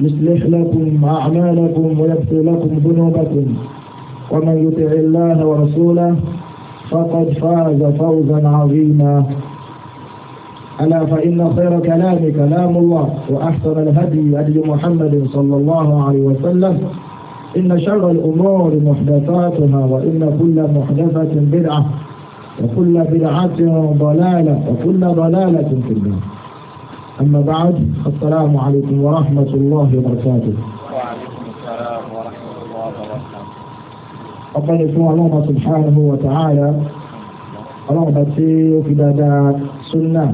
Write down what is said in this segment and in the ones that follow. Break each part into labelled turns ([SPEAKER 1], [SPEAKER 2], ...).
[SPEAKER 1] يصلح لكم أعمالكم ويغفر لكم ذنوبكم ومن يطع الله ورسوله فقد فاز فوزا عظيما ألا فإن خير كلام كلام الله وأحسن الهدي هدي محمد صلى الله عليه وسلم إن شر الأمور محدثاتها وإن كل محدثة بدعة وكل بدعة ضلالة وكل ضلالة في النار أما بعد السلام عليكم ورحمة الله وبركاته وعليكم
[SPEAKER 2] السلام ورحمة الله وبركاته
[SPEAKER 1] أقول اسمه الله سبحانه وتعالى ọlọ́run bá tí ó fi dáadáa súnà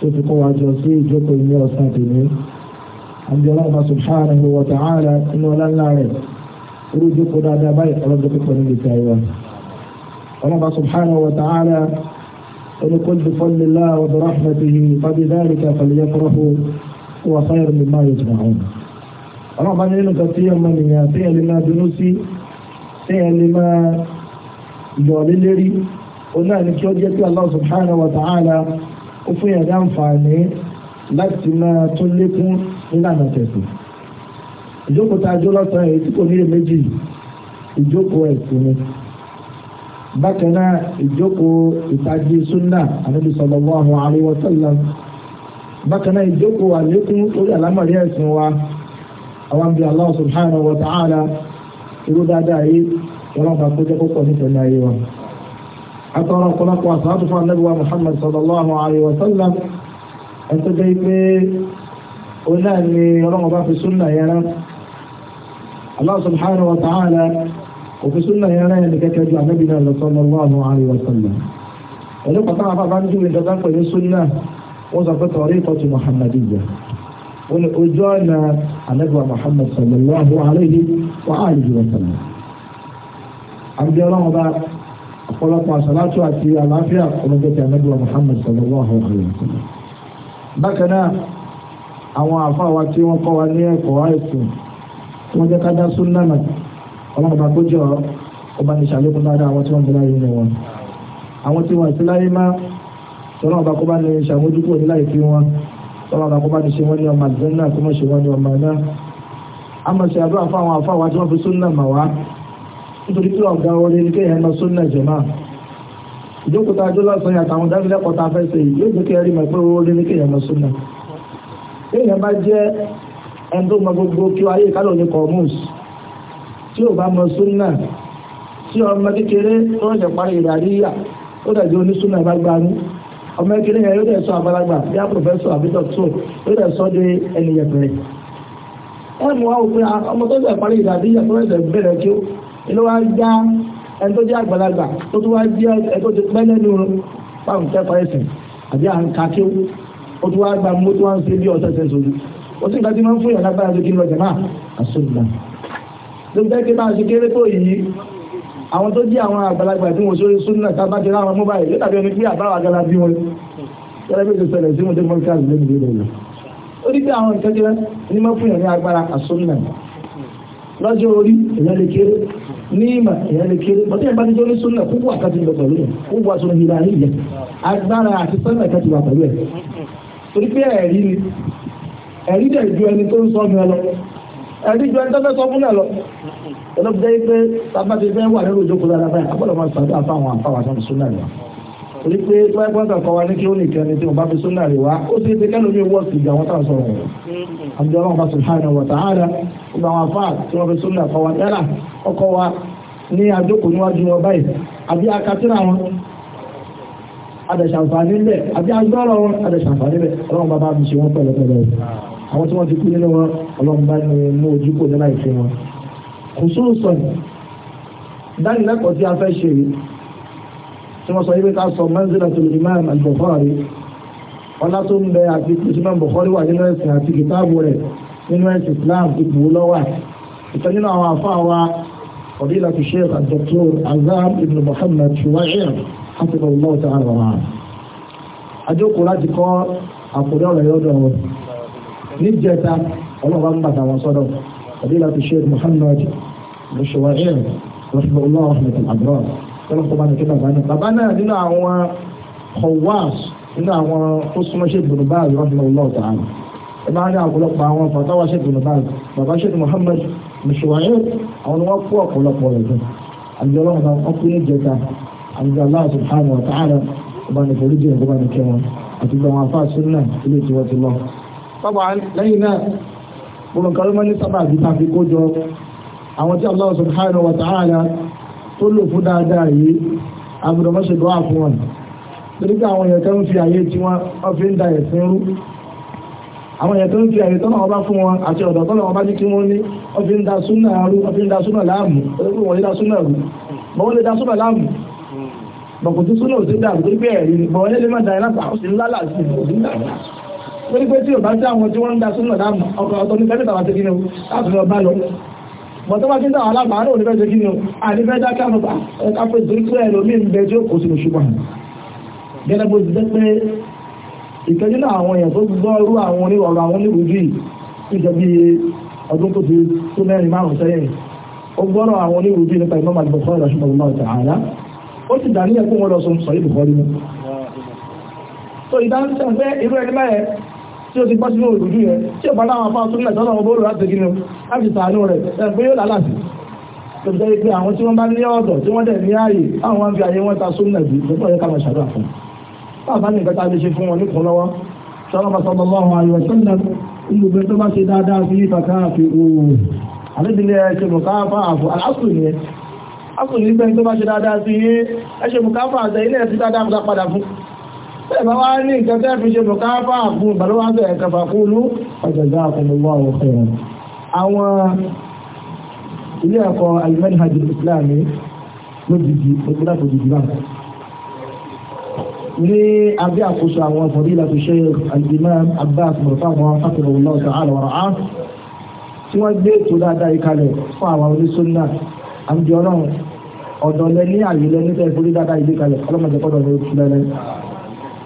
[SPEAKER 1] tí ó fi kọ́ wa jọ sí ìjókòó ilé ọ̀sán tèmi àbí ọlọ́run bá subhanahu wa ta'ala inú ọláńlá rẹ̀ irú ìjókòó dáadáa báyìí ọlọ́run tó kọ́ níbi ìta ìwà ọlọ́run bá subhanahu wa ta'ala ولكل بفضل الله وبرحمته فبذلك فليفرحوا هو خير مما يجمعون ọlọ́run bá ní nínú kan tí ọmọ ènìyàn tí ẹ lè máa dunú sí tí ẹ lè máa yọ̀ lé lérí ó náà ní kí ó jẹ́ pé Allah subhanahu wa ta'ala ó fún yẹn láǹfààní láti máa tún lékún nílànà tẹ̀sán ìjókòó tá a jó lọ́sàn-án èyí tí kò ní èméjì ìjókòó ẹ̀sìn ni bákan náà ìjókòó ìtají súnà ànábì sallallahu alaihi wa sallam bákan náà ìjókòó àlékún orí àlámọ̀rí ẹ̀sìn wa àwọn bíi Allah subhanahu wa ta'ala irú dáadáa yìí wọn bá kó jẹ́ kókó nítorí ayé wa. akọrọ ọ̀pọ̀lọpọ̀ àtàwọn fún ànábì wa Muhammad sallallahu alaihi wa sallam ẹ̀tọ́ jẹ́ pé òun náà ni ọlọ́run fi súnà yẹn rán Allah subhanahu wa ta'ala òfin súnà yẹn rẹ̀ ní kẹ́kẹ́ ju ànábì náà lọ sọ́nà lọ́wọ́ àárín ọ̀sánlá ẹ̀lú pàtó àwọn bàbá ń júwe dandan pẹ̀lú súnà wọ́n sọ pé tọ̀rí ìkọ̀tù muhammadiyya wọ́n ní ojú ọ̀nà ànábì muhammad sallallahu alayhi wa alihi wa sallam. àbí ọlọ́run bá ọ̀pọ̀lọpọ̀ àṣàlátù àti àlàáfíà ọmọdé ti ànábì muhammad sallallahu alayhi wa sallam. bákan náà àwọn àfáà wa tí wọ́n kọ́ wa ní ẹ̀kọ́ ọlọ́run bá kójọ ọba ní ìṣàlékún dáadáa àwọn tí wọ́n ń bẹ̀rẹ̀ nínú wọn àwọn tí wọ́n ìsìláyé má ọlọ́run bá kó bá ní ìṣàmójúkú oníláyè fi wọn ọlọ́run bá kó bá ní ṣe wọ́n ní ọmọ àdìsẹ́nà tó mọ̀ ṣe wọ́n ní ọmọ náà a mọ̀ ṣe àdúrà fún àwọn afáwa tí wọ́n fi súnà mà wá nítorí pé ọ̀gá orin ní kéèyàn lọ súnà jẹ̀má ìjókòtà ajó lọ́sàn yàtọ̀ àwọn dánilẹ́kọ̀ọ́ tá a fẹ́ ṣe yóò jẹ́ kéèyàn rí mọ̀ pé orin ní kéèyàn lọ súnà kéèyàn bá jẹ́ ẹni tó mọ gbogbo kí ayé ìkálò ní kọ̀ọ̀mùs tí ò bá mọ súnà tí ọmọ kékeré tó ń ṣẹ̀parí ìdàríyà ó dàbí onísúnà bá gbanú ọmọ kékeré yẹn yóò dẹ̀ sọ àgbàlagbà bí a pòfẹ́sọ̀ àbí dọ́kítọ̀ yóò dẹ̀ sọ de ẹni yẹpẹrẹ. ẹ mú wa ah, òpin ọmọ tó ṣẹ̀parí ìdàríyà tó ń ṣẹ̀ bẹ̀rẹ̀ kí ó ilé wa já ẹni tó jẹ́ àgbàlagbà tó tún wá jẹ́ ẹni tó ti pẹ́ lẹ́nu fáwọn kẹ́kọ̀ọ́ gba mú tó wá ń ṣe bí ọ̀sẹ̀ ṣẹ̀ ó sì ń gbájú máa ń fún ìyàrá báyà náà àṣọ ìgbà ló jẹ́ kí máa ṣe kéré tó yìí àwọn tó jí àwọn àgbàlagbà tí wọ́n sórí súnà tábàkì láwọn mú báyìí ló tàbí ẹni pé àbáwà gara bí wọn gẹ́gẹ́ bí ó ti ṣẹlẹ̀ sí wọn tó mọ́ káàdì lẹ́nu lórí rẹ̀ ó ní pé àwọn nǹkan jẹ́ ní mọ́ fún ìrìn agbára àsúnà lọ́jọ́ orí èèyàn lè kéré ní ìmọ̀ èèyàn lè kéré bọ́tí ẹ̀bá níjọ́ ní súnà púpọ̀ àkàtì lọ pẹ̀lú ẹ̀ púpọ̀ àsúnà ìlà ìyẹn agbára àti sọ́nà àkàtì wà pẹ̀lú ẹ̀ torí pé ẹ̀rí ni ẹ̀rí dẹ̀ ju ẹni tó ń sọ́ mi lọ ẹ̀rí ju ẹni tó fẹ́ sọ fún náà lọ. olóògbé jẹ́ pé sábà ti fẹ́ wà nínú ìjókòó dáadáa báyìí àbọ̀dọ̀ máa sàdúrà fáwọn àfáwà sọ́nù súnà rẹ̀ torí pé pẹ́ẹ́pẹ́ẹ́sà kọ́ wa ní kí ó nìkan ni tí wọ́n bá fi súnà rẹ̀ wá ó sì ti kẹ́lò ní owó ọ̀sìn ìjà wọn táwọn sọ̀rọ̀ rẹ̀ àjọ ọlọ́run bá subhanahu wa ta'ala gbogbo àwọn afá tí wọ́n fi súnà kọ́ wa yálà ọkọ̀ wa ní àjókòó níwájú wọn báyìí àbí akatínà wọn adẹ̀ṣàǹfààní bẹ́ẹ̀ àbí agbọ́rọ̀ wọn adẹ̀ṣàǹfààní bẹ́ẹ̀ ọlọ́run bá bá mi ṣe wọ́n pẹ̀lẹ́pẹ̀lẹ́ àwọn tí wọ́n ti kú nínú wọn ọlọ́run bá ní mú ojú kò ní láìsí wọn. kò sóò sọ ní dánilẹ́kọ̀ọ́ tí a fẹ́ ṣe yìí tí wọ́n sọ yìí pé ká sọ mẹ́ńsílẹ̀ tó lè máa ń Bukhari ọlá tó ń bẹ àti ìpèsè Bukhari wà nínú ẹ̀sìn àti kìtáàbù rẹ̀ nínú ẹ̀sìn Islam ipò lọ́wà ìtàn nínú àwọn àfáà wa fadila tu sheikh al azam ibn muhammad shuwair hafidhahullah ta'ala wa àjókòó láti kọ́ àkùrẹ́ ọ̀rọ̀ yọ̀dọ̀ wọn níjẹta ọlọ́ba ń bàtà wọn sọ́dọ̀ àdéhà tó ṣe Muhammad mùsùlùmí rọ̀ṣùlùmọ́ ọ̀hún àbúrò tọ́lọ́ kọ́ bá ní kí bàbá náà bàbá náà nínú àwọn kọ̀wáàs nínú àwọn tó súnmọ́ ṣe ìdùnnú báyìí rọ̀ṣùlùmọ́ ọ̀tàn ẹ máa ní àpọ̀lọpọ̀ àwọn fàtàwà ṣe ìdùnnú báyìí bàbá ṣe Muhammad mùsùlùmí àwọn ni wọ́n kó ọ̀pọ̀lọpọ̀ rẹ̀ jù àjọ ọlọ́run ọkùnrin jẹ́ ìjọba nìkẹ́ wọn àti gbọ́n afáàsùn náà sábà lẹ́yìn náà gbogbo nǹkan ló máa ń ní sábà àbí tàbí kó jọ àwọn tí Allah subhanahu wa ta'ala tó lò fún dáadáa yìí àbùdó má ṣe dọ́ àfún wọn torí pé àwọn èèyàn tó ń fi àyè tí wọ́n fi ń da ẹ̀sìn rú àwọn èèyàn tó ń fi àyè tọ́nà ọba fún wọn àti ọ̀dọ̀ tọ́nà ọba ní kí wọ́n ní wọ́n fi ń da súnà rú wọ́n fi ń torí pé tí o bá jẹ́ àwọn tí wọ́n ń da sínú ọ̀dà àmà ọkọ̀ ọ̀tọ̀ ní fẹ́ẹ́ tàwa ṣe o láti lọ bá lọ bọ̀ tó bá ti ń tàwa alábàá náà onífẹ́ ṣe kí ni o ànífẹ́ dákẹ́ àmọ́ta ẹ̀ka pé torí pé ẹ̀rọ mi ń bẹ tí ó kò sínú ṣùgbọ́n gẹ́gẹ́ bó ti jẹ́ pé ìtẹ́jú náà àwọn èèyàn tó gbọ́ irú àwọn oníwọ̀rọ̀ àwọn onírúurú ìjọbi ọdún tó ti tó mẹ́rin márùn sẹ́yìn ó gbọ́rọ̀ àwọn onírúurú nípa ìmọ̀ àgbẹ̀kọ́ ìrọ̀ṣùpọ̀ ìmọ̀ ọ̀tà ààrá ó sì dàníyàn fún wọn lọ sọ tí ó ti gbọ́ sínú òdúdú yẹn tí ó bá láwọn afá súnmọ̀ tọ́lọ̀ ọmọ bóòlù láti gínú láti sàánú rẹ̀ ẹgbẹ́ yóò lálàsì tó jẹ́ pé àwọn tí wọ́n bá ní ọ̀dọ̀ tí wọ́n dẹ̀ ní ààyè àwọn wọn fi àyè wọn ta súnmọ̀ jù lọ́pọ̀ yẹ ká máa ṣàdúrà fún wọn a lè ṣe fún wọn ní tó bá ṣe dáadáa sí ìfà káàfi ooo àlébìlẹ̀ ṣe mùkáfà dáadáa sí ẹ padà fún ẹ̀bá wá ní nǹkan tẹ́ fi ṣe bùkáfà fún ìbàlúwàbẹ̀ ẹ̀kàfà fúlú ọjọ̀gbà àkọlùwà òfin àwọn ilé ẹ̀kọ́ al-manhaj al-islami lójijì òkúta òjijì náà ní abẹ́ àkóso àwọn fọ̀dílà tó ṣe al-imam abbas mọ̀tàwọn fàtàlá ọlọ́ọ̀ ta'ala wa ra'ah tí wọ́n gbé ètò dáadáa ìkalẹ̀ fún àwọn onísúnnà àmì ọ̀dọ̀ lẹ ní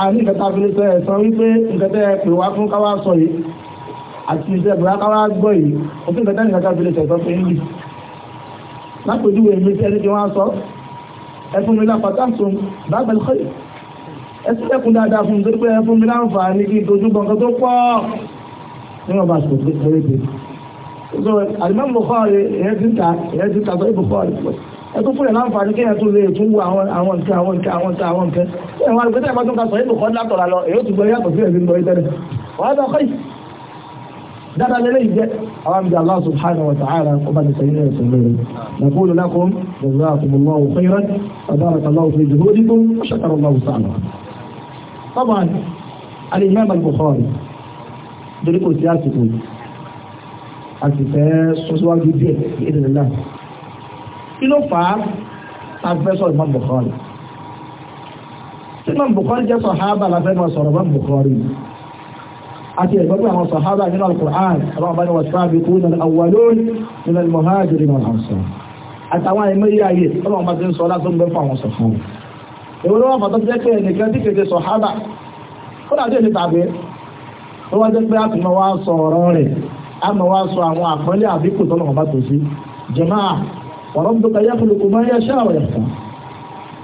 [SPEAKER 1] àní ìkẹta fi lè sọ ẹ̀sán wípé ìkẹtẹ́ pè wá fún káwá sọ yìí àti ìṣẹ́ ìbúra káwá gbọ́ yìí òfin ìkẹta nìkẹta fi lè sẹ̀sán pé ń bì lápèjúwe èmi tí ẹni tí wọ́n sọ ẹfún mi lápàtà sùn bàbá ìkọlẹ̀ ẹsùn lẹ́kùn dáadáa fún nítorí pé ẹfún mi láǹfààní kí dojú gbọ̀ngàn tó pọ̀ níwọ̀n bá sùn pé péré pé so àdìmọ́ mọ̀kọ́ rẹ̀ ẹ̀yẹ́ ti ta ẹ̀yẹ́ ti ta sọ ìbùkọ́ rẹ̀ pẹ̀lú ẹtún fún ẹ láǹfààní kéèyàn tún lè tún wo àwọn àwọn nǹkan àwọn nǹkan àwọn nǹkan àwọn nǹkan ẹ wọn àgbẹtẹ ẹ bá tún ka sọ yìí lùkọ́ látọ̀ra lọ èyí ó ti gbọ́ yàtọ̀ sí ẹ̀sìn lọ ìtẹ́lẹ̀ wọ́n á dọ̀kọ́ yìí dáadáa lélẹ́ yìí jẹ́ àwọn àmì Allah subhanahu wa ta'ala kó bá ní sẹ́yìn náà sọ lórí nàkúlù lakum jazakumullahu khairan barakallahu fi juhudikum wa shakarallahu sa'alakum. طبعا الإمام البخاري دريكو سياسي àti fẹ́ sọ́síwájú díẹ̀ ìdílé náà kí ló fà á àfẹsọ̀ Imam Bukhari tí Imam Bukhari jẹ́ sọ̀hábà láfẹ́ máa sọ̀rọ̀ Imam Bukhari àti ẹ̀gbọ́n àwọn sọ̀hábà nínú Al-Qur'an àwọn ọba ni wọ́n sábà kú nínú awwalun nínú al-muhajirin wal ansar àtàwọn ẹ̀mọ́ yí ayé ọlọ́run bá ti ń sọ lásán bẹ́ fún àwọn sọ̀fún وربك يخلق ما يشاء ويختار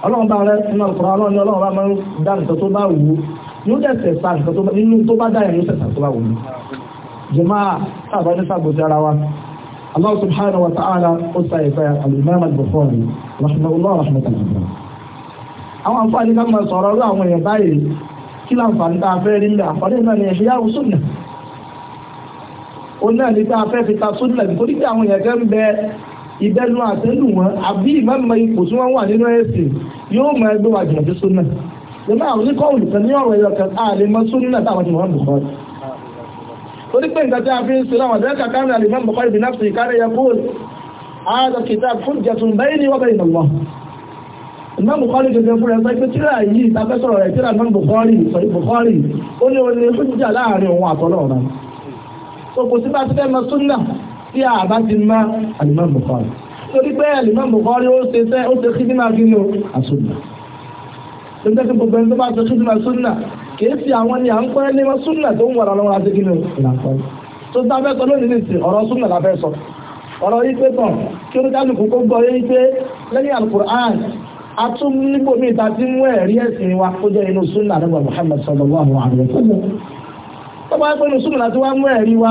[SPEAKER 1] ọlọ́run bá rẹ nínú ọkùnrin ọlọ́run ni ọlọ́run bá máa ń dá nǹkan tó bá wù ú yóò dẹ̀ sẹ̀sà nǹkan tó bá nínú tó bá dá yẹn yóò sẹ̀sà tó bá wù ú jẹ́mọ́ sábà ní sàgbòsí ara wa Allah subhanahu wa ta'ala ó sa ìfẹ́ al-Imam al-Bukhari rahimahullah rahmatulah àwọn náà ní pé a fẹ́ nítorí pé àwọn èèyàn kẹ́ ń bẹ ìbẹ́nu àtẹ́lù wọn àbí ìmọ̀mọ̀ ipò tí wọ́n wà nínú ẹ̀sìn yóò mọ ẹgbẹ́ wa jìnnà sí súnà lọ́nà àwọn oníkọ́ọ̀lù kan ní ọ̀rọ̀ ẹ̀yọ̀ kan àlè mọ súnà táwọn ti wọ́n bùkọ́ ó ní pé nǹkan tí a fi ń sin àwọn àdẹ́kà kárí àlè mọ́ bùkọ́ ìbí náà ìkárẹ́ yẹ kó àádọ́ kìtà fún jẹ̀tún bẹ́ẹ̀ ni wọ́n bẹ́ẹ̀ nà lọ. Ìmọ̀ Bùkọ́lì gẹ́gẹ́ fún ẹgbẹ́ pé tíra yìí ìtafẹ́ sọ̀rọ̀ rẹ̀ tíra náà Bùkọ́lì sọ̀rọ̀ Bùkọ́lì ó ní orin fún jíjà láàrin òun àtọ́lọ́run. Sọ kò sí bá ti fẹ́ mọ súnà tí a bá ti má alimam Bukhari torí pé ó ṣe sẹ́ ó ṣe tó ń tẹ́sí gbogbo ẹni tó bá ṣe kìí ṣe àwọn ni à ń pẹ́ ní tó ń wọ̀rọ̀ lọ́wọ́ tó sọ lónìí nìsí ọ̀rọ̀ la fẹ́ sọ ọ̀rọ̀ yìí pé tán kí oníkálukú kó gbọ́ yé pé lẹ́yìn alukur'an a tún mi ta ti mú ẹ̀rí ẹ̀sìn wa tó jẹ́ inú sunna nígbà Muhammad sallallahu alaihi wa sallam tó inú sunna wá mú ẹ̀rí wa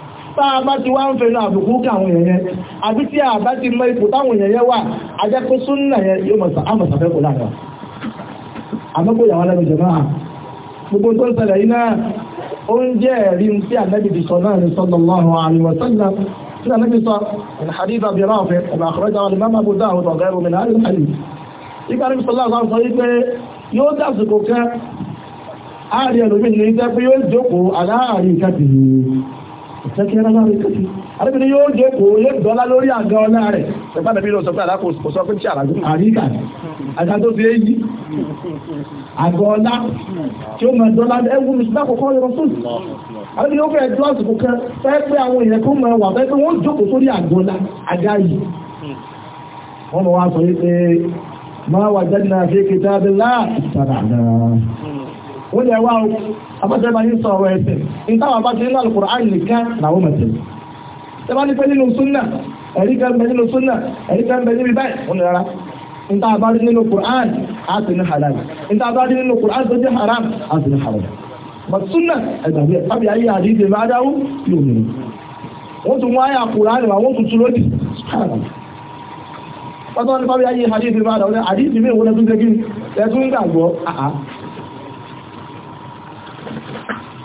[SPEAKER 1] tá a bá ti wá ń fẹ́nu àbùkù káwọn èèyàn yẹn àbí tí a bá ti mọ ipò táwọn èèyàn yẹn wà ajẹ́kọ́ súnnà yẹn yóò mọ̀ sàfẹ́kù láàrin àmọ́kò ìyàwó lẹ́nu jẹ̀ máa gbogbo tó ń ṣẹlẹ̀ iná ó ń jẹ́ ẹ̀rí tí ànábì ti sọ náà ní sallallahu alaihi wa sallam tí ànábì sọ ìhàdíbà bí ra ọ̀fẹ́ ọ̀bà àkọ́rẹ́jà wọn lè má bó dá àwọn ọ̀gá ẹrù mi láàrin àyè ìgbà ní sọlá sọ sọ wípé yóò dásìkò kẹ́ àárín ẹlòmíì ní ìjẹ́ pé yóò jókòó aláàárín kẹ́kìrì ìtẹ́kẹ́ rárá rẹ̀ kẹ́kẹ́ àdébìnrin yóò jẹ́ kò yé dọ́lá lórí àga ọlá rẹ̀ ẹ̀fà nàbí lọ sọ pé àlá kò sọ pé tí àràgbé àríkà àga tó fi éyí àga ọlá tí ó mọ dọ́lá ẹwù mi síbá kọ̀kọ́ yọrọ fún mi àdébìnrin yóò fẹ́ dúró àsìkò kan fẹ́ pé àwọn èèyàn kó mọ wà fẹ́ pé wọ́n jókòó sórí àga ọlá àga yìí wọ́n mọ̀ wá sọ yìí pé máa wà jáde náà fi kìtàbí láà wọ́n lè wá o abọ́sẹ̀ bá ní sọ̀rọ̀ ẹ̀sẹ̀ ní táwọn abájẹ́ nínú Al-Qur'an nìkan làwọn mẹ̀tẹ̀ ṣe bá ní pẹ́ nínú súnà ẹ̀rí kan bẹ nínú súnà ẹ̀rí kan bẹ níbi báyìí wọ́n lè rárá ní táwọn abá rí nínú Qur'an á ní halal ní táwọn abá rí nínú Qur'an tó jẹ́ haram á ní haram but súnà ẹ̀gbàgbé fábí ayé àdíje bá dáwó yóò mú wọ́n tún wáyà Qur'an wà wọ́n tún lódì pátá wọn ní fábí ayé àdíje bá dáwó àdíje mi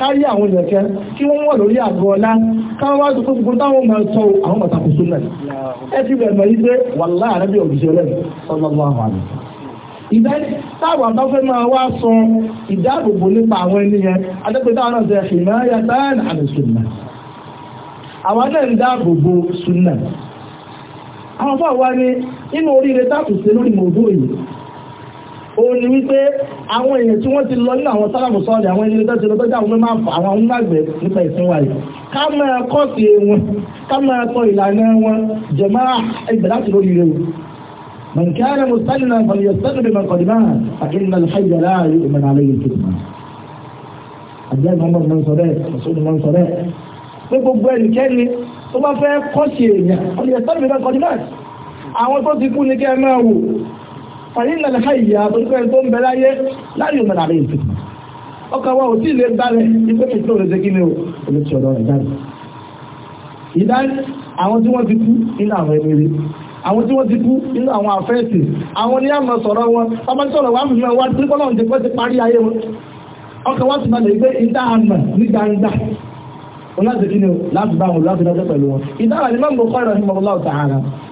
[SPEAKER 1] kárí àwọn èèyàn kẹ kí wọ́n wà lórí àgọ́ ọlá káwọn wá tuntun gbogbo táwọn máa sọ àwọn pàtàkì tó náà ẹ ti bẹ̀rẹ̀ mọ̀ yí pé wà láàárẹ̀ bí òbí ṣe rẹ̀ ọlọ́lọ́ àwọn àmì ìdá táwọn bá fẹ́ máa wá sọ ìdáàbòbò nípa àwọn ẹni yẹn adẹ́pẹ́ táwọn náà ṣe ṣe máa ya táwọn àmì sunna àwọn náà ń dáàbòbò sunna òun ni wípé àwọn èèyàn tí wọ́n ti lọ nínú àwọn sálàmù sọ́ọ̀lì àwọn ẹni tó ti lọ tọ́jà àwọn mẹ́mà fà àwọn onígbàgbẹ́ nípa ìsìn wa yìí ká máa kọ́ sí wọn ká máa tọ ìlànà wọn jẹ̀mọ́ ẹgbẹ̀ lórí rẹ̀ من كان مستنى فليستنى بمن قد àwọn tó ti kú ní kẹ́ máa wò fàyín lẹ́nu káyìyà àtòlùkọ́ tó ń bẹ láyé láyé òmìnira rẹ̀ ètò ọkọ̀ wa ò tí ì lè balẹ̀ ipò fìtí òun ṣe kí ni o omi ti ọ̀dọ̀ rẹ̀ jáde. ìdá àwọn tí wọ́n ti kú nínú àwọn ẹni rí àwọn tí wọ́n ti kú nínú àwọn àfẹ́ẹ̀sì àwọn ní àmọ̀ sọ̀rọ̀ wọn ọmọ sọ̀rọ̀ wà fún mi wá tí kọ́lọ́ ti pẹ́ ti parí ayé wọn ọkọ̀ wá ti balẹ̀ gbé ìdá àmọ̀ ní gbangba wọn láti o láti bá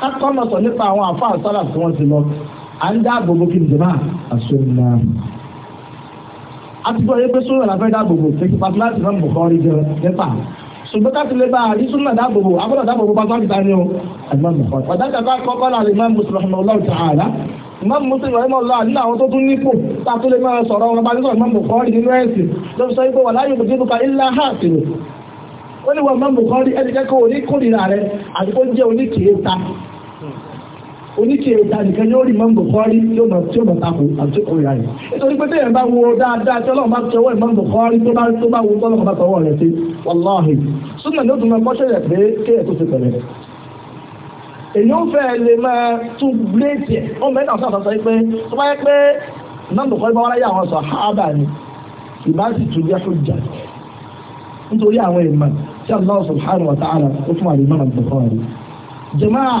[SPEAKER 1] kákọ́ mọ̀ sọ nípa àwọn àfa àsálà tí wọ́n ti lọ à ń dáàbò bo kí n jẹ náà àṣọ ìlà. a ti gbọ́ yẹ pé sóyún àlàfẹ́ dáàbò bo kí pàtó láti fẹ́ mọ̀ kọ́rí jẹ nípa ṣùgbọ́n ká ti lè bá àrí súnmọ̀ dáàbò bo abọ́dọ̀ dáàbò bo pàtó láti ta ni o àgbà mọ̀ kọ́rí. ọ̀dájà bá kọ́kọ́ náà lè máa mú sọ̀rọ̀ ọlọ́run ti àlá Imam Muslim ọ̀rẹ́mọ̀ lọ àdínà àwọn tó tún nípò tààtò lè máa sọ̀rọ̀ ọ̀rọ̀ bá nígbà Imam Bukhari nínú ẹ̀sìn ló sọ wípé wà láyé òbí nípa ilá hàtìrò ó ní wọn Imam Bukhari ẹni kẹ́kọ̀ọ́ oníkùnrin rẹ̀ àti ó jẹ́ oníkèéta oníkèrè ta nìkan yóò rí Imam Bukhari tí ó mọ̀ tí ó ya tako àti ọ̀yà rẹ̀. nítorí pé téèyàn bá wo dáadáa tí ọlọ́run bá ti ọwọ́ Imam Bukhari tó bá tó bá wo tọ́lọ́run bá tọwọ́ rẹ̀ sí wàláhì. súnmọ̀ ní rẹ̀ pé tó ti pẹ̀lẹ́. fẹ́ lè máa tún ẹ̀ ó mẹ́ta ọ̀sán pé tó bá yẹ pé bá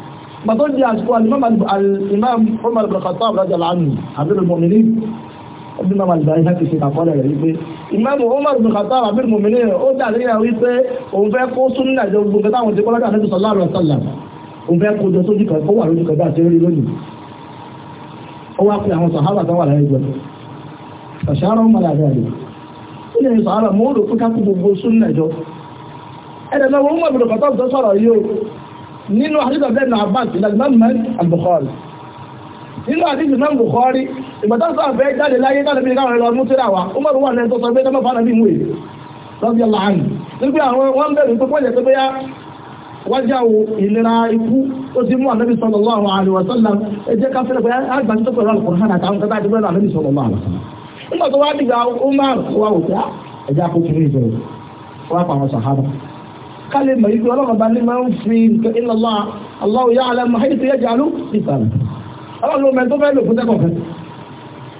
[SPEAKER 1] gbàtọ́ di àsìkò alimam Umar bin Khattab radiyallahu anhu abirul mu'minin ọdún náà màlìbáyé láti ṣe àkọọ́lẹ̀ rẹ̀ wípé ìmáàmù Umar bin Khattab abirul mu'minin ó dà léyà wípé òun fẹ́ kó súnmọ́ àjọ gbogbo táwọn ti kọ́ lọ́dọ̀ àti sallallahu alaihi wasallam òun fẹ́ kó jọ sójú kan kó wà lójú kan bá ṣe rí lónìí ó wá pe àwọn sàhábà tó wà láyé gbọ́ ṣàṣàrọ̀ mọ̀láyà rẹ̀ ó lè sàárà mọ́ ó lò fún kákú gbogbo súnmọ́ àjọ ẹ̀rẹ̀ lọ́wọ́ Umar bin Khattab tó sọ̀rọ̀ yìí nínú àdíjọ bẹ́ẹ̀nà àbáàtì lágbàmọ́n àbùkọ́rì nínú àdíjọ náà bùkọ́rì ìgbàtàṣà fẹ́ jáde láyé jáde bí káwọn ẹlọ́mú tí ráwà ó mọ̀rún wà lẹ́tọ́ sọ pé tọ́mọ́ fánà bí mú èyí lọ́bí ọlá àmì nígbé àwọn wọ́n bẹ̀rù tó pọ̀jẹ̀ tó bẹ́yà wájà wo sàhábà kálẹ̀ mọ̀ ibi ọlọ́run bá ní máa ń fi nǹkan iná lọ́wọ́ Allahu ya'lamu haythu yaj'alu ìsàlẹ̀ ọlọ́run ló mẹ́ tó fẹ́ lò fún tẹ́kọ̀ọ́ fẹ́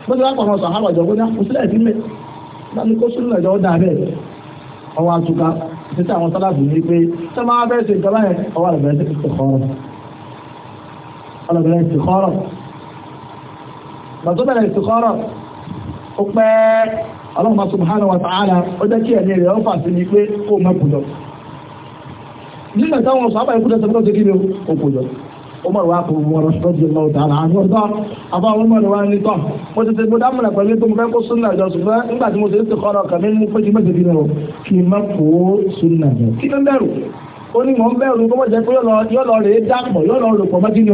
[SPEAKER 1] bó ti wá pàmò sọ àwọn àjọ gbóná kò sílẹ̀ sílẹ̀ láti kó sínú ìjọ dà bẹ́ẹ̀ ọwọ́ àtúkà títí àwọn sálàbù ní pé tẹ́ máa bẹ́ẹ̀ ṣe ìjọba yẹn ọwọ́ àlùbẹ̀rẹ̀ ti kọ́rọ̀ nígbà táwọn sábà ikú dẹ́sẹ̀ náà dékìlẹ̀ òkòjọ́ Umar wa kò mọ̀ rọ́sọ́dì lọ́wọ́ tààrà àwọn ọ̀dọ́ àbáwọn wa ní ah, ah, mo ti súnà jọ nígbà tí mo ti mú pé kí kí n má kó súnà jọ. kí ló ń ó ní mọ̀ ń bẹ̀rù tó mọ̀ jẹ́ pé yóò lọ ni o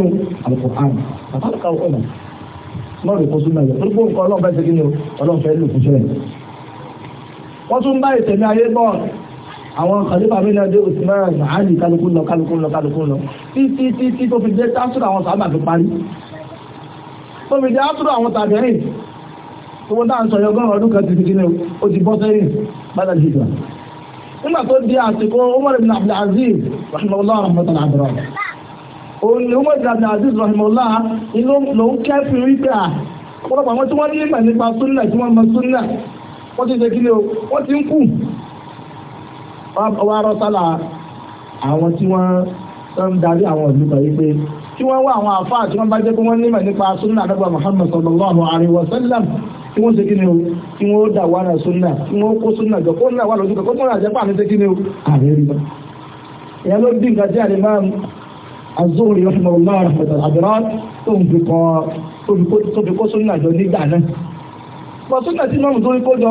[SPEAKER 1] àlùkò àrùn àwọn kàlífà mi náà dé Usman Ali kálukú lọ kálukú lọ kálukú lọ títí títí tó fi dé tásùrù àwọn sábà fi parí tó fi dé tásùrù àwọn tàbẹ̀rìn owó náà ń sọ yọ ọgọ́rùn ọdún kan ti fi kí ni ó ti bọ́ sẹ́yìn bàtà jìgbà nígbà tó di àsìkò Umar ibn Abdul Aziz rahimahullah rahmatan abdul òun ni Umar ibn Abdul Aziz rahimahullah inú lòun kẹ́fì rí pé à ọ̀pọ̀lọpọ̀ àwọn tí wọ́n ti ń kù wá rọ́sálà àwọn tí wọ́n ń darí àwọn ìlú kan yìí pé tí wọ́n wá àwọn àfáà tí wọ́n bá jẹ́ pé wọ́n nímọ̀ nípa sunna àdọ́gba Muhammad sallallahu alayhi wa sallam tí wọ́n ṣe kí ni o tí wọ́n dà wà náà sunna tí wọ́n kó sunna jọ kó náà wà lójú kan kó náà jẹ́ pàmì ṣe kí ni o ààrẹ rí náà. ìyá ló bí nǹkan tí àlè máa az-Zuhri rahimahullah rahmatul abirad tó ń fi kọ́ tó fi kó sunna jọ nígbà náà. bọ̀ sunna tí mọ́mù tó ń kó jọ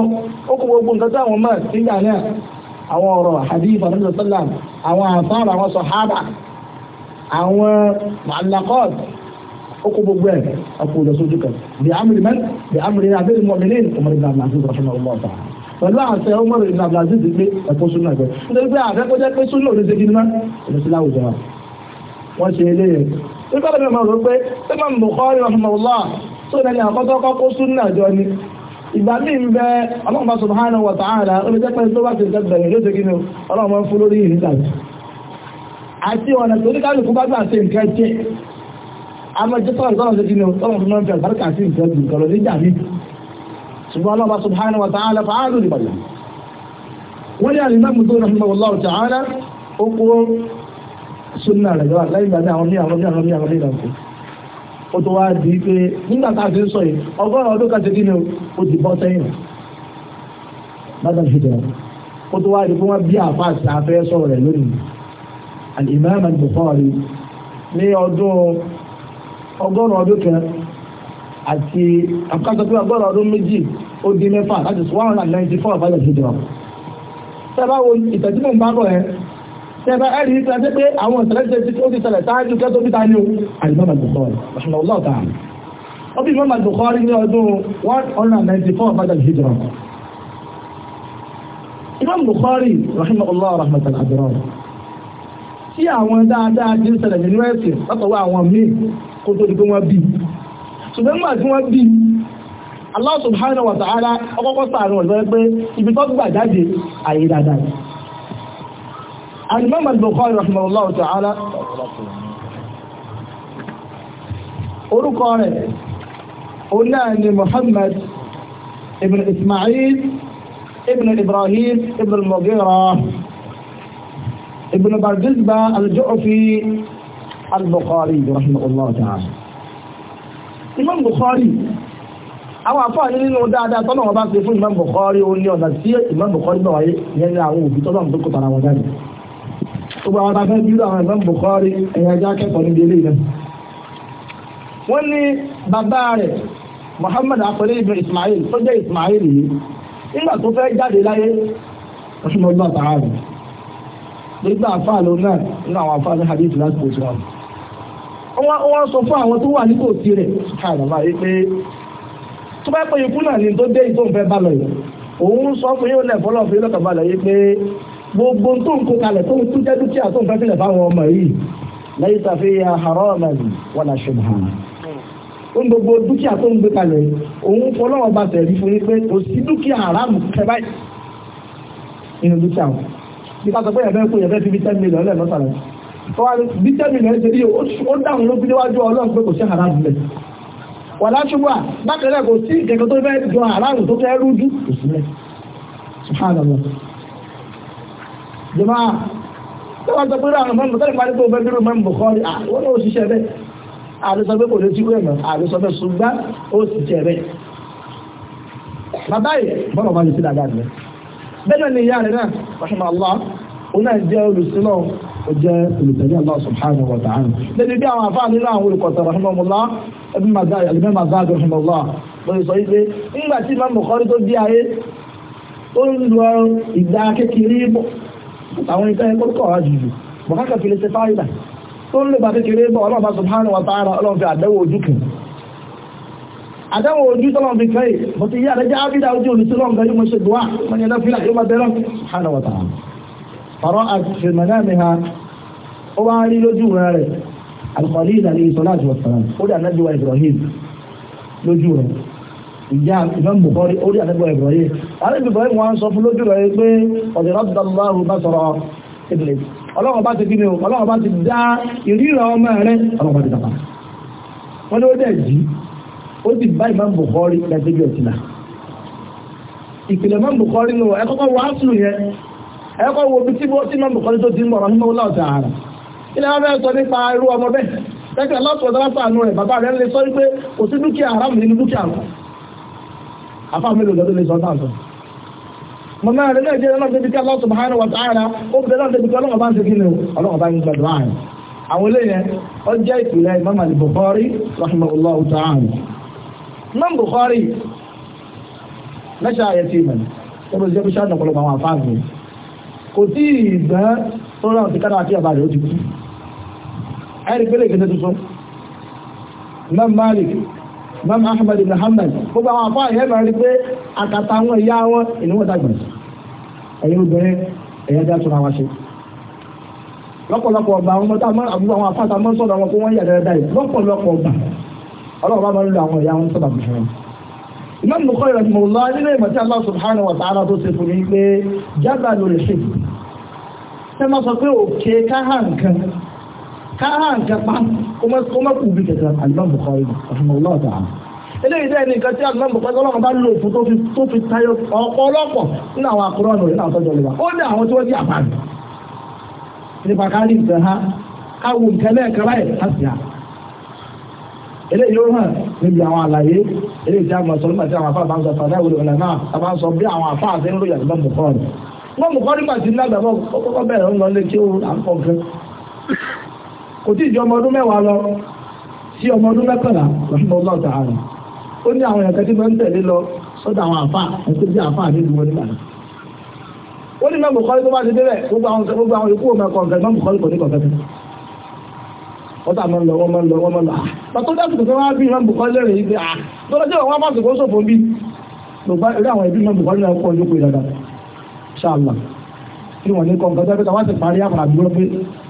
[SPEAKER 1] ó kó gbogbo nǹkan táwọn máa nígbà náà àwọn ọ̀rọ̀ hadith ọ̀nàmọ̀ sọ́làm àwọn àfáàrọ̀ àwọn sọ̀hábà àwọn mọ̀lákọ́t okò gbogbo ẹ̀ ọkọ̀ òjò sójú kan bí amúlì mẹ́rin bí amúlì abẹ́rẹ́ mọ̀mìnì Umar ibn Abdulaziz rahman ọmọ ọ̀tá pẹ̀lú àṣẹ Umar ibn Abdulaziz ti gbé ẹ̀kọ́ súnà ẹ̀kọ́ nítorí pé àfẹ́ kó jẹ́ pé súnà òní segin mọ́ òní sí láwùjọ wọn ṣe eléyẹ nípa bẹ́ẹ̀ mọ̀ rò pé ṣé máa ń bọ̀ kọ́ ìrọ̀lọ́mọ̀ wọ́n tó nẹni àkọ́tọ́ kọ́kọ́ súnà jọ ni ìgbà míì ń bẹ ọlọ́run bá subhanahu wa ta'ala ó lè jẹ́ pé tó bá ti nǹkan bẹ̀rẹ̀ ló ṣe kí ni ọlọ́run máa ń fún lórí ìrìn tàbí àti ọ̀nà tó ní kálukú bá gbà ṣe fún mọ́ńfẹ́ àbárkà sí nǹkan jù kọ̀lọ̀ níjà ó tó wá di pé nígbà tá a ti ń sọ yìí ọgọ́rùn ọdún kan ti dín ní o ti bọ́ sẹ́yìn bàtà fìdí ó tó wá di fún wọn bí àfáàsì afẹ́ sọ̀rọ̀ rẹ̀ lónìí al-Imam al-Bukhari ní ọdún ọgọ́rùn ọdún kan àti pé ọgọ́rùn ọdún méjì ó dín mẹ́fà láti one hundred and ninety four sábà tẹ́bà ẹ̀rí ní tẹ́lẹ̀ pé àwọn ìṣẹ̀lẹ̀ tí ó ti ṣẹlẹ̀ sáájú kẹ́tọ́ bí tani o alimọ́mà Bukhari ọ̀ṣunà ọlọ́ ta ó bí Imam Bukhari ní ọdún 194 bàtà hijra Imam Bukhari rahimahullah rahmatan abirah tí àwọn dáadáa ti ń ṣẹlẹ̀ nínú ẹ̀sìn látọwọ́ àwọn míì kó tó di pé wọ́n bí ṣùgbọ́n nígbà tí wọ́n bí Allah subhanahu wa ta'ala alimọ́mọ̀ al-Bukhari rahimahullahu ta'ala orúkọ rẹ̀ o náà ni Muhammad ibn Ismail ibn Ibrahim ibn al-Mughira ibn Bardizba al-Ju'fi al-Bukhari rahimahullahu ta'ala Imam Bukhari àwọn àfáàní nínú dáadáa tọ́nà wọn bá ṣe fún Imam Bukhari ó ní ọ̀nà sí Imam Bukhari náà wáyé ní àwọn òbí tọ́nà tó kò tara dáadáa ọba àwọn tafẹ́ bí àwọn ìmọ̀ Bukhari ẹ̀yà ajá kẹ́kọ̀ọ́ ní délé rẹ̀ wọ́n bàbá rẹ̀ Muhammad akọ̀lé ibn Ismail tó jẹ́ Ismail yìí nígbà tó fẹ́ jáde láyé ọ̀ṣunmọ̀ ọgbà tààrà nígbà náà nínú àwọn hadith wọ́n sọ fún àwọn tó wà sí rẹ̀ ṣàrànlá pé tó bá pẹ́ ikú náà ni tó dé ìtòǹfẹ́ bá lọ yìí òun sọ fún yóò lẹ̀ lọ́kàn bá lọ gbogbo tó ń kó kalẹ̀ tó ń tún jẹ́ dúkìá tó ń fẹ́ sílẹ̀ fáwọn ọmọ yìí lẹ́yìn tàfé ya haraman wala shubhan ó ń gbogbo dúkìá tó ń gbé kalẹ̀ òun fọlọ́wọ́ bá tẹ̀lé fún yín pé kò sí dúkìá haramu kẹfà nínú dúkìá o bí ká sọ pé yẹ̀fẹ́ kó yẹ̀fẹ́ fi bí ten million lẹ́ẹ̀ lọ́sàlẹ̀ tó wá bí ten million ṣe rí ó dáhùn ló fi níwájú ọlọ́run pé kò sí jọba tó wá sọ pé rà àwọn mọ́mù tẹ́lẹ̀ parí pé òfẹ́ dúró mọ́mù Bukhari àwọn náà ó ṣiṣẹ́ bẹ́ẹ̀ ààrẹ sọ pé kò lè tíwé ẹ̀mọ̀ ààrẹ sọ pé ṣùgbọ́n ó sì jẹ́ bẹ́ẹ̀ bàbá yẹ bọ́lọ̀ máa lè sí dáadáa rẹ̀ bẹ́ẹ̀ ni ìyá rẹ̀ náà rahimah Allah ó náà jẹ́ olùsílọ̀ ó jẹ́ olùtẹ̀lé Allah subhanahu wa ta'ala lẹ́ni bí àwọn afáà àwọn ìtàn ẹgbẹ́ kọ̀ wá jùlọ bọ̀kákà fi lè ṣe fáyìlà tó ń lè bá kékeré bọ̀ ọlọ́ọ̀bá subhanahu wa ta'ala ọlọ́run fi àdẹ́wò ojú kan àdẹ́wò ojú tọ́lọ́run fi kẹ́yì mo ti yí àdẹ́jẹ́ ábídà ojú òní tọ́lọ́run fẹ́ yóò mọ̀ ṣe dùwà mọ̀ yẹn ìyá ìfẹ́m bùkọ́rí orí àtẹ́gbọ̀ ìbọ̀yé alẹ́bí ìbọ̀yé wọn sọ fún lójú rẹ̀ pé ọ̀dẹ̀rọ̀dọ̀láhù bá sọ̀rọ̀ ìbìlẹ̀ ọlọ́run bá ti kí ni ọlọ́run bá ti dá ìríra ọmọ rẹ̀ ọlọ́run bá ti dàpá wọ́n ló dẹ̀ jí ó ti bá ìmọ̀ bùkọ́rí lẹ́gbẹ̀ẹ́bí ọ̀tìlá ìpìlẹ̀ mọ̀ bùkọ́rí nù ẹ̀kọ́kọ́ wọ áṣù yẹn ẹ̀kọ́ wo bí tí mọ̀ bùkọ́rí tó ti ń bọ̀rọ̀ nínú ọlọ́ọ̀tà ààrà ilẹ̀ wọn fẹ́ sọ àfa mélòó lọ́dún lè sọ tá à ń sọ. màmá rẹ̀ náà jẹ́ ọlọ́run débi kí Allah subhanahu wa ta'ala ó bẹ̀rẹ̀ ọlọ́run débi kí ọlọ́run bá ń ṣe kí ni o ọlọ́run bá ń gbàdúrà rẹ̀. àwọn eléyẹn ó jẹ́ ìpìlẹ̀ imam al-bukhari rahimahullahu ta'ala. imam bukhari lẹ́sẹ̀ ayẹtì mẹ́rin ó bẹ̀rẹ̀ jẹ́ bí sáà nàkọlọ́gbọ̀ àwọn àfa mi kò tí ì gbẹ́ tó rán ti kára àti àbá ó ti kú. ẹ̀rí pẹ́lẹ́ ìkẹsẹ̀ tuntun imam malik imam ahmed ibn hamad gbogbo àwọn afọ àyẹ̀ bá rí pé àkàtà àwọn ìyá wọn ìnáwó dàgbà ẹ̀yin obìnrin ẹ̀yẹ bí a tún àwọn ṣe lọ́pọ̀lọpọ̀ ọba àwọn ọmọdé àbúrò àwọn afọ àtàwọn sọ̀rọ̀ àwọn kó wọ́n yà dáadáa yìí lọ́pọ̀lọpọ̀ ọba ọlọ́run bá máa ń lo àwọn ìyá wọn sábà bùsùn wọn. imam bukhari rahimahullah nínú ìmọ̀ tí allah subhanahu wa ta'ala tó ṣe fún mi pé jábà lórí ṣe ṣe máa sọ pé òkè káhà nǹkan káhà nǹkan pa kó má kú bí kẹta alimami Bukhari rahimahullah ta'ala eléyìí dẹ́ ni nǹkan tí alimami Bukhari ọlọ́run bá lò fún tó fi tayọ ọ̀pọ̀lọpọ̀ nínú àwọn akọrọ ọ̀nà nínú àwọn tọ́jú ọ̀lẹ́wà ó ní àwọn tí wọ́n jẹ́ àbáyé nípa kárí nǹkan ha káwọ nǹkan lẹ́ẹ̀kan báyìí láti hà eléyìí yóò hàn níbi àwọn àlàyé eléyìí tí a mọ̀ sọ nígbà tí àwọn afá bá ń sọ fàdá ìwòlò ọ̀nà náà a bá ń sọ bí àwọn afá àti ẹnu lóyà lọ́mù kọ́ rẹ̀ lọ́mù kọ́ nígbà tí nígbà tí ọkọ̀ bẹ̀rẹ̀ ń lọ lé kí ó à ń kọ́ nǹkan kò tí ìjọ ọmọ ọdún mẹ́wàá lọ sí ọmọ ọdún mẹ́kànlá lọ́sùnmọ́ ọlọ́ọ̀ tààrà ó ní àwọn ẹ̀kẹ́ tí wọ́n ń tẹ̀lé lọ sọ́dọ̀ àwọn àfà ẹ̀kẹ́ tí àfà ní ìlú onígbà ó ní mẹ́mù kọ́lé tó bá ti débẹ̀ gbogbo àwọn ikú òmẹ kọ̀ọ̀kẹ́ mẹ́mù kọ́lé kò ní kọ̀ọ̀kẹ́ tó wọ́n tà mọ́ lọ wọ́n mọ́ lọ wọ́n mọ́ lọ àtọ́ dẹ́kùn tó wá bí mẹ́mù kọ́lé rẹ̀ yìí pé à tó ah, lọ́jọ́ wọn bá sùkó sòfò bí gbogbo ilé àwọn ẹbí mẹ́mù kọ́lé náà pọ̀ ní kò ìdàdà ṣáàlà kí wọ́n ní kọ̀ọ̀kẹ́ tó wá ti parí àwọn àdúgbò pé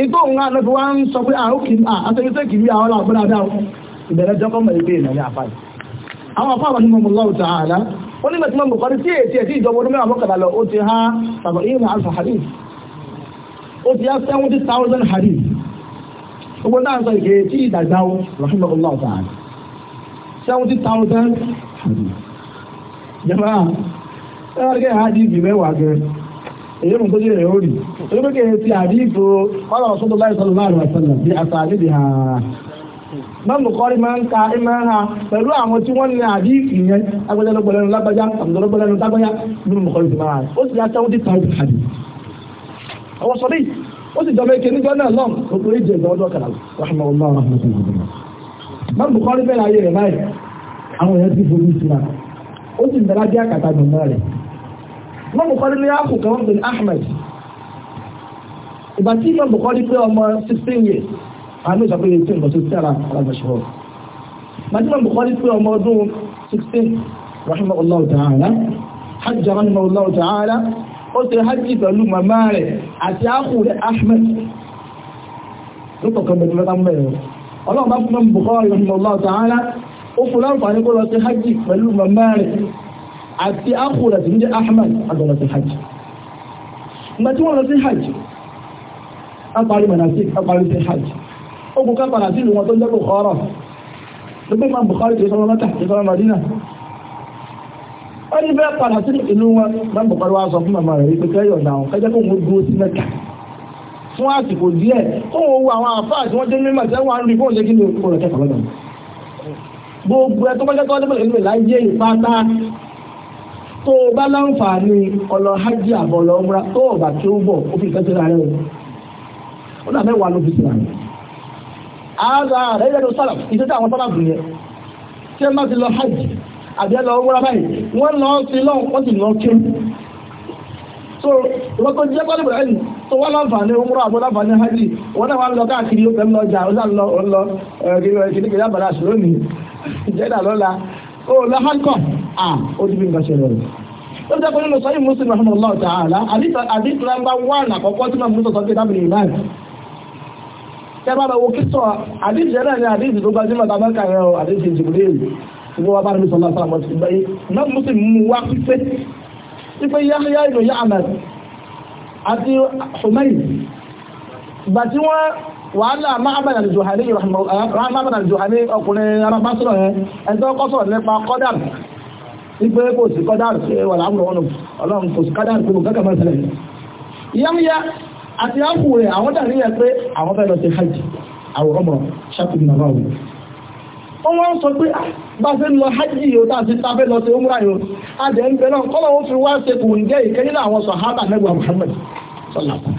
[SPEAKER 1] ìtò òun náà lọ́fi wá ń sọ pé àrókì ah, àtẹ́gbẹ́sẹ́ ah, kìí àwọn aláàbọ̀dá dáa ìbẹ̀rẹ̀ jọ́kọ́ mọ̀ ìgbé ìrìnàlẹ́ àfáì àwọn afọ́ àwọn ìmọ̀ lọ́wọ́ tààlà ó ní mẹ́tí mọ̀ kọ́rí tí èsì ẹ̀sì ìjọba thousand hadith gbogbo náà sọ ìgbé tí ìdàgbà allah ta'ala seventy thousand hadith jẹ́mọ́ àwọn ẹgbẹ́ hadith mẹ́wàá gẹ́gẹ́ èyí mú sójú rẹ̀ ó rí olókè ti àdífò kọ́lá ọ̀ṣọ́dọ̀ láì sọ́lọ́ láàrin àṣàlẹ̀ bí àṣàlẹ̀ bí ha mọ́mù kọ́rí máa ń ka ẹmẹ́ ha pẹ̀lú àwọn tí wọ́n ní àdífì yẹn agbẹ́jọ́lọ́gbọ̀lẹ́nu lágbájá àgbẹ́jọ́lọ́gbọ̀lẹ́nu lágbájá mọ́mù kọ́rí ti máa ó sì yá sẹ́wọ́n ti ta òkè àdì ọwọ́ sọ bíi ó sì jọba ike níjọ́ náà lọ́n gbogbo ìjẹ́ ìjọ ọjọ́ Imam Bukhari ní áàpù kan wọ́n pè ní Ahmed ìgbà tí Imam Bukhari pé ọmọ 16 years àmì ìṣàpè yìí tí nǹkan tó tẹ́ra alábàṣọ́ ìgbà tí Imam Bukhari pé ọmọ ọdún 16 rahimahullahu ta'ala hajj rahimahullahu ta'ala ó ṣe hajj pẹ̀lú màmá rẹ̀ àti áàpù rẹ̀ Ahmed lókọ̀ kan bẹ̀rẹ̀ mẹ́ta fún Imam Bukhari kó lọ sí hajj pẹ̀lú màmá rẹ̀ àti ápù rẹ̀ tí ń jẹ́ ahmed agbọ̀nà sí hajj ìgbà tí wọ́n lọ sí hajj apari manasik apari sí hajj ó kò kápára sí ìlú wọn tó ń jẹ́ Bukhara lópin máa Bukhari tó sọ́nà mẹ́ta tó sọ́nà Madina ó ní bẹ́ẹ̀ padà sí ìlú wọn máa Bukhari wá sọ fún màmá rẹ̀ wípé kẹ́yọ̀ náà kẹ́jẹ́ kó wọ́n dúró sí mẹ́ta fún àsìkò díẹ̀ kó wọ́n wo àwọn àfáà tí wọ́n jẹ́ mímọ̀ tẹ́wọ́n àrùn ìfowóṣe kí ni ó kọ́ gbogbo ẹ̀ tó bá jẹ́ tó wọ́n dé tó o bá láǹfààní ọlọ hajj àbọ̀ ọlọ ọmọra tó o bá tí ó bọ̀ ó fi ìkẹ́sẹ̀ rẹ̀ o ó dà mẹ́wàá ló fi sí rẹ̀ ààrẹ rẹ̀ yẹ́nu sálà ìṣẹ́jẹ́ àwọn sálà dùn yẹn tí ẹ má ti lọ hajj àbí ẹ lọ ọmọra báyìí wọ́n lọ sí lọ́wọ́ wọ́n sì lọ kí so wọ́n tó jẹ́ pálí bẹ̀rẹ̀ tó wọ́n láǹfààní umrah àbọ̀ láǹfààní hajj wọ́n náà wà lọ káàkiri ó fẹ́ lọ jà ó sà lọ ọlọ ẹ̀ẹ́dẹ́gbẹ̀rẹ̀ kìnnìkìnnì Oh, ah, ó lọ halkọ́ à ó ti fi nǹkan ṣẹlẹ̀ rẹ̀ ó jẹ́ pé nínú sọ́yìn muslim rahimahullah ta'ala àdìsí nàmbà wàn àkọ́kọ́ tí màá mú sọ̀tọ́ pé dábìlì ìmáà tẹ́ bá bá wo kí sọ àdìsí yẹn náà ni àdìsí tó gbajúmọ̀ tàbí kàrẹ́ ọ àdìsí ìjìbìlì ìwọ́n wa bá rẹ̀ sọ̀lá sọ̀rọ̀ mọ̀tì gbẹ́ náà muslim mú wá pípé pípé yáyá ìlú yá àmàlì àti Humayd ìgbà tí wọ́n wàhálà Ma'bad al-Juhani Ma'bad al-Juhani ọkùnrin ara básọ̀rọ̀ yẹn ẹ̀tọ́ kọ́sọ̀rọ̀ nípa kọ́dàr wípé kò sí kọ́dàr sí wà láàmùrọ̀ ọ̀nà ọlọ́run kò sí kọ́dàr kúrò kẹ́kẹ́ mọ́ sílẹ̀ yẹ́míyá àti ápù rẹ̀ àwọn dàrí yẹ pé àwọn fẹ́ lọ sí hajj àwòrán mọ̀ ṣàkùnrin náà wù wọ́n wọ́n sọ pé ah, bá fẹ́ lọ hajj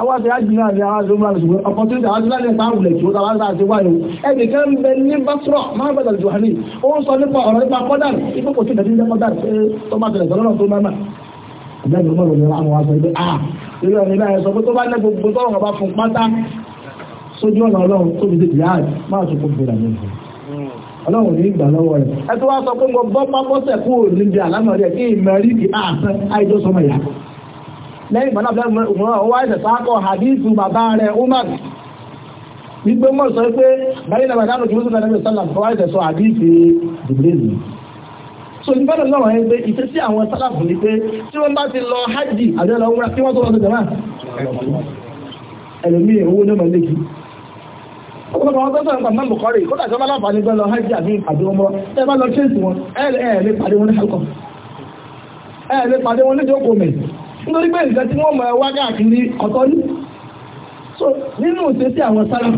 [SPEAKER 1] àwọn àti àjì náà ni àwọn àti ọmọ àti ọkọ̀ tó ń tàwọn àti láti ẹ̀ta àwùlẹ̀ tí ó tàwọn àti wáyé ẹnì kan ń bẹ ní Basra máa bẹ̀rẹ̀ jù hàní ó ń sọ nípa ọ̀rọ̀ nípa kọ́dàn ipò kò tí ìbẹ̀tí ń jẹ́ kọ́dàn tó máa tẹ̀lẹ̀ sọ́lọ́nà tó máa Ìjọba ìgbọ́n ló ní àwọn aṣọ ìgbé àà. Ìlú ọ̀nà ìlà ẹ̀sọ́ pé tó bá ní gbogbo tọ́rọ̀ ọba fún pátá sójú ọ̀nà ọlọ́run tó fi dé jihad máa tún kó gbèrà ní ìlú ọlọ́run ní ìgbà lọ́wọ́ rẹ̀ ẹ tó wá sọ pé mo bọ́ pápọ́sẹ̀ kúrò níbi àlámọ̀rẹ́ kí ìmọ̀ rí di àṣẹ àìjọ́sọmọ̀ yàtọ̀ lẹ́yìn bàbá abúlé òmùrán ó wá ẹ̀sẹ̀ sákọ̀ hadithu bàbá rẹ̀ Umar wípé mọ̀ sọ pé báyìí náà bàdánù kí mọ́sùn nàìjíríà sálà fọwọ́ ẹ̀sẹ̀ sọ hadithu Jibril so ní bẹ́ẹ̀ náà wọ́n pé ìṣe sí àwọn sálàfù ni pé tí wọ́n bá ti lọ hajj àbí ọlọ́ umra kí wọ́n tó lọ sí jama ẹlòmí owó ní ọmọdé kí ọgbọ́n wọn tó sọ̀rọ̀ pàmò bùkọ́rì kó dàgbà láfa ní gbọ́n lọ hajj àbí àbí ọmọ ẹ bá lọ chase wọn ẹ ẹ lè pàdé wọn ní ẹkọ ẹ lè pàdé wọn ní ìjókòó mẹ́rin nítorí pé nǹkan tí wọ́n mọ̀ ẹ́ wá káàkiri ọ̀tọ̀ ní. so nínú ìṣesí àwọn sára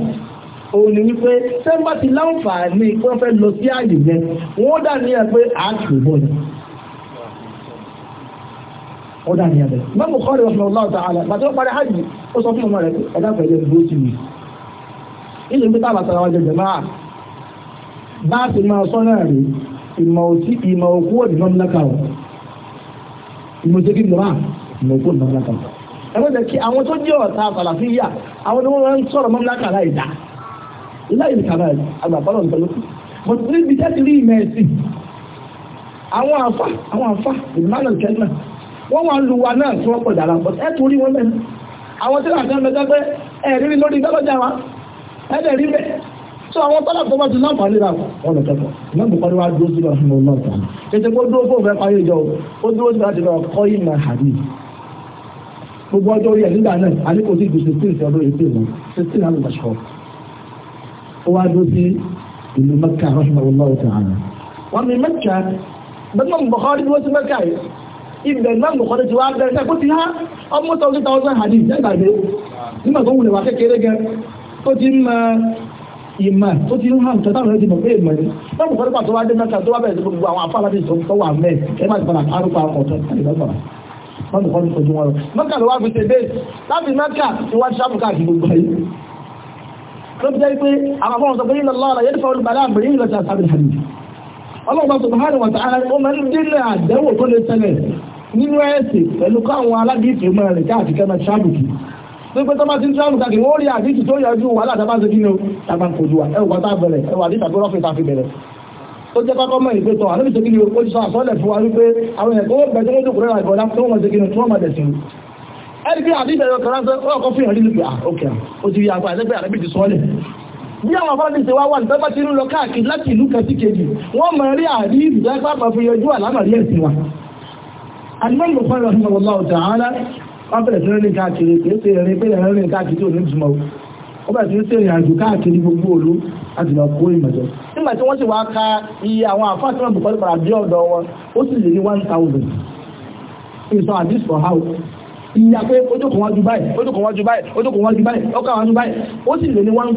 [SPEAKER 1] òun ni wípé sẹ́ńbà ti láǹfààní pé wọ́n fẹ́ lọ sí ààyè yẹn wọ́n dà ní ẹ pé àákì bọ́ọ̀lù ó dà ní ẹ bẹ́ẹ̀. mẹ́mú kọ́rin ọ̀sán ọ̀la ọ̀tá àlà bàtí wọ́n parí hajj ó sọ fún ọmọ rẹ̀ pé ẹ̀dá fẹ̀yẹ́ ló ti wù. ilé ìgbé táwọn àtàrà wọn jẹjẹ máa ah, bá a ti máa sọ náà rèé ìmọ̀ òkú òdì náà ìmọ̀ òṣèkí ìmọ̀ mọ̀kó mọ̀láka ẹgbẹ́ jẹ́ kí àwọn tó jẹ́ ọ̀tá fàlàfíyà àwọn tó wọ́n ń sọ̀rọ̀ mọ̀láka láì dá láì lè kàrà àgbàkọ́lọ̀ nǹkan ló mọ̀ tó níbi jẹ́ ti rí ìmẹ̀ ẹ̀sìn àwọn àfà àwọn àfà ìmọ̀nà kẹ́gbà wọ́n wà lù wa náà tí wọ́n pọ̀ dára pọ̀ ẹ̀ torí wọn bẹ́ẹ̀ àwọn tí wọ́n fẹ́ mẹ́ta pé ẹ̀ rírí lórí ìdálọ́jà wa ẹ̀ dẹ̀ rí bẹ́ẹ̀ so àwọn tọ́lá tó bá ti láǹfààní rà wọn lọ kẹ́kọ̀ọ́ ìmọ̀ bùkọ́rí wa dúró sí ọ̀hún ọ̀nà ọ̀tàn tètè kó dúró fóun fẹ́ parí ìjọ ó dúró sí láti lọ kọ́ ìmọ̀ àdìyí gbogbo ọjọ́ orí ẹ̀ nígbà náà àníkò sí ìgbésẹ̀ sí ìfẹ́ ọdún ètò ìmọ̀ sixteen hundred and twelve ó wá dó sí ìlú mẹ́kà rahimahullahu ta'ala. wọ́n mi mẹ́kà bẹ́ẹ̀ mọ̀ bọ̀kọ́rí wọ́n ti mẹ́kà yìí ibẹ̀ náà bọ̀kọ́rí ti wá bẹ̀rẹ̀ sẹ́kó ti há ọmọ tó ń ta ọdún hàdí ìjẹ́gbàgbé nígbà tó wùlẹ̀ wá kékeré gẹ ó ti ń mọ ìmọ̀ tó ti ń hàn tó táwọn ẹ̀dínmọ̀ pé ìmọ̀ ni wọ́n bọ̀kọ́rí pàtó wá dé mẹ́kà tó wá bẹ̀rẹ̀ sí gbogbo àwọn afárá mọ́tò kọ́ ní ojú wọn lọ mọ́kà ló wá fi ṣe bẹ́ẹ̀ láti mọ́kà tí wọ́n ṣàmù káàkiri gbogbo ayé ló fi jẹ́ pé àwọn afọ́n sọ pé ilẹ̀ lọ́la yẹ́n fọ́ olùbàdà àgbèrè ìlọ ti àṣàbí hàmì ọlọ́run sọ bàbá wọn tààrà ó máa ń dínà àdẹ́wò tó lè tẹ́lẹ̀ nínú ẹ̀sìn pẹ̀lú káwọn aládìsí máa rìn káàkiri kẹ́mẹ́ ṣáàbùkì pípẹ́ tó bá ti ń tíráàmù káàkiri wọ́n rí àdìsí tó yọjú wàhálà tábà ń ṣe kí ni ó tábà ń kojú wa ẹ̀wọ̀n tá a bẹ̀rẹ̀ ẹ̀wọ̀n àdìsí àgbẹ̀rọ̀ fẹ́ ta fi bẹ̀rẹ̀ ó jẹ́ pápá mọ́ ìgbé tán àlébìsọ kí ni ó sọ àsọ́lẹ̀ fún wa wípé àwọn ẹ̀kọ́ ó bẹ̀ẹ́ tó ń dùkúrẹ́ àìbọ̀dá tó wọ́n ṣe kí ni tí wọ́n máa dẹ̀sìn ẹni pé àdíjẹ̀ yọ kọ́lá sọ ọkọ̀ fún ìrìn nígbà òkè ó ti rí apá ẹ̀lẹ́gbẹ̀ àrẹ́bì ti sọ́lẹ̀ bí àwọn afọ́lẹ́ ti wá wà ní pẹ́pẹ́ tí ń lọ káàkiri láti ìlú kẹsí kejì wọ́n mọ̀ rí àrí ìdíjẹ́ pápá fi yọjú àlámàrí ẹ̀sìn wa alimọ́nì kò fọ́nà ọ̀sán ọ̀lá ọ̀tà ààrẹ wọ́n bẹ̀rẹ̀ sí rìn káàkiri kìí ṣe rìn pé rìn káàkiri tó ní ìtumọ̀ ọba tí ó ṣe àjò káàkiri gbogbo olú nígbà tí wọ́n sì wá ká iye àwọn afọ wọn bùkọ́ bí ọ̀dọ̀ wọn ó sì lè ní 1000 thousand ìsọ for house ìyá pé ojú kan báyìí ojú kan báyìí báyìí báyìí ó sì lè one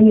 [SPEAKER 1] ni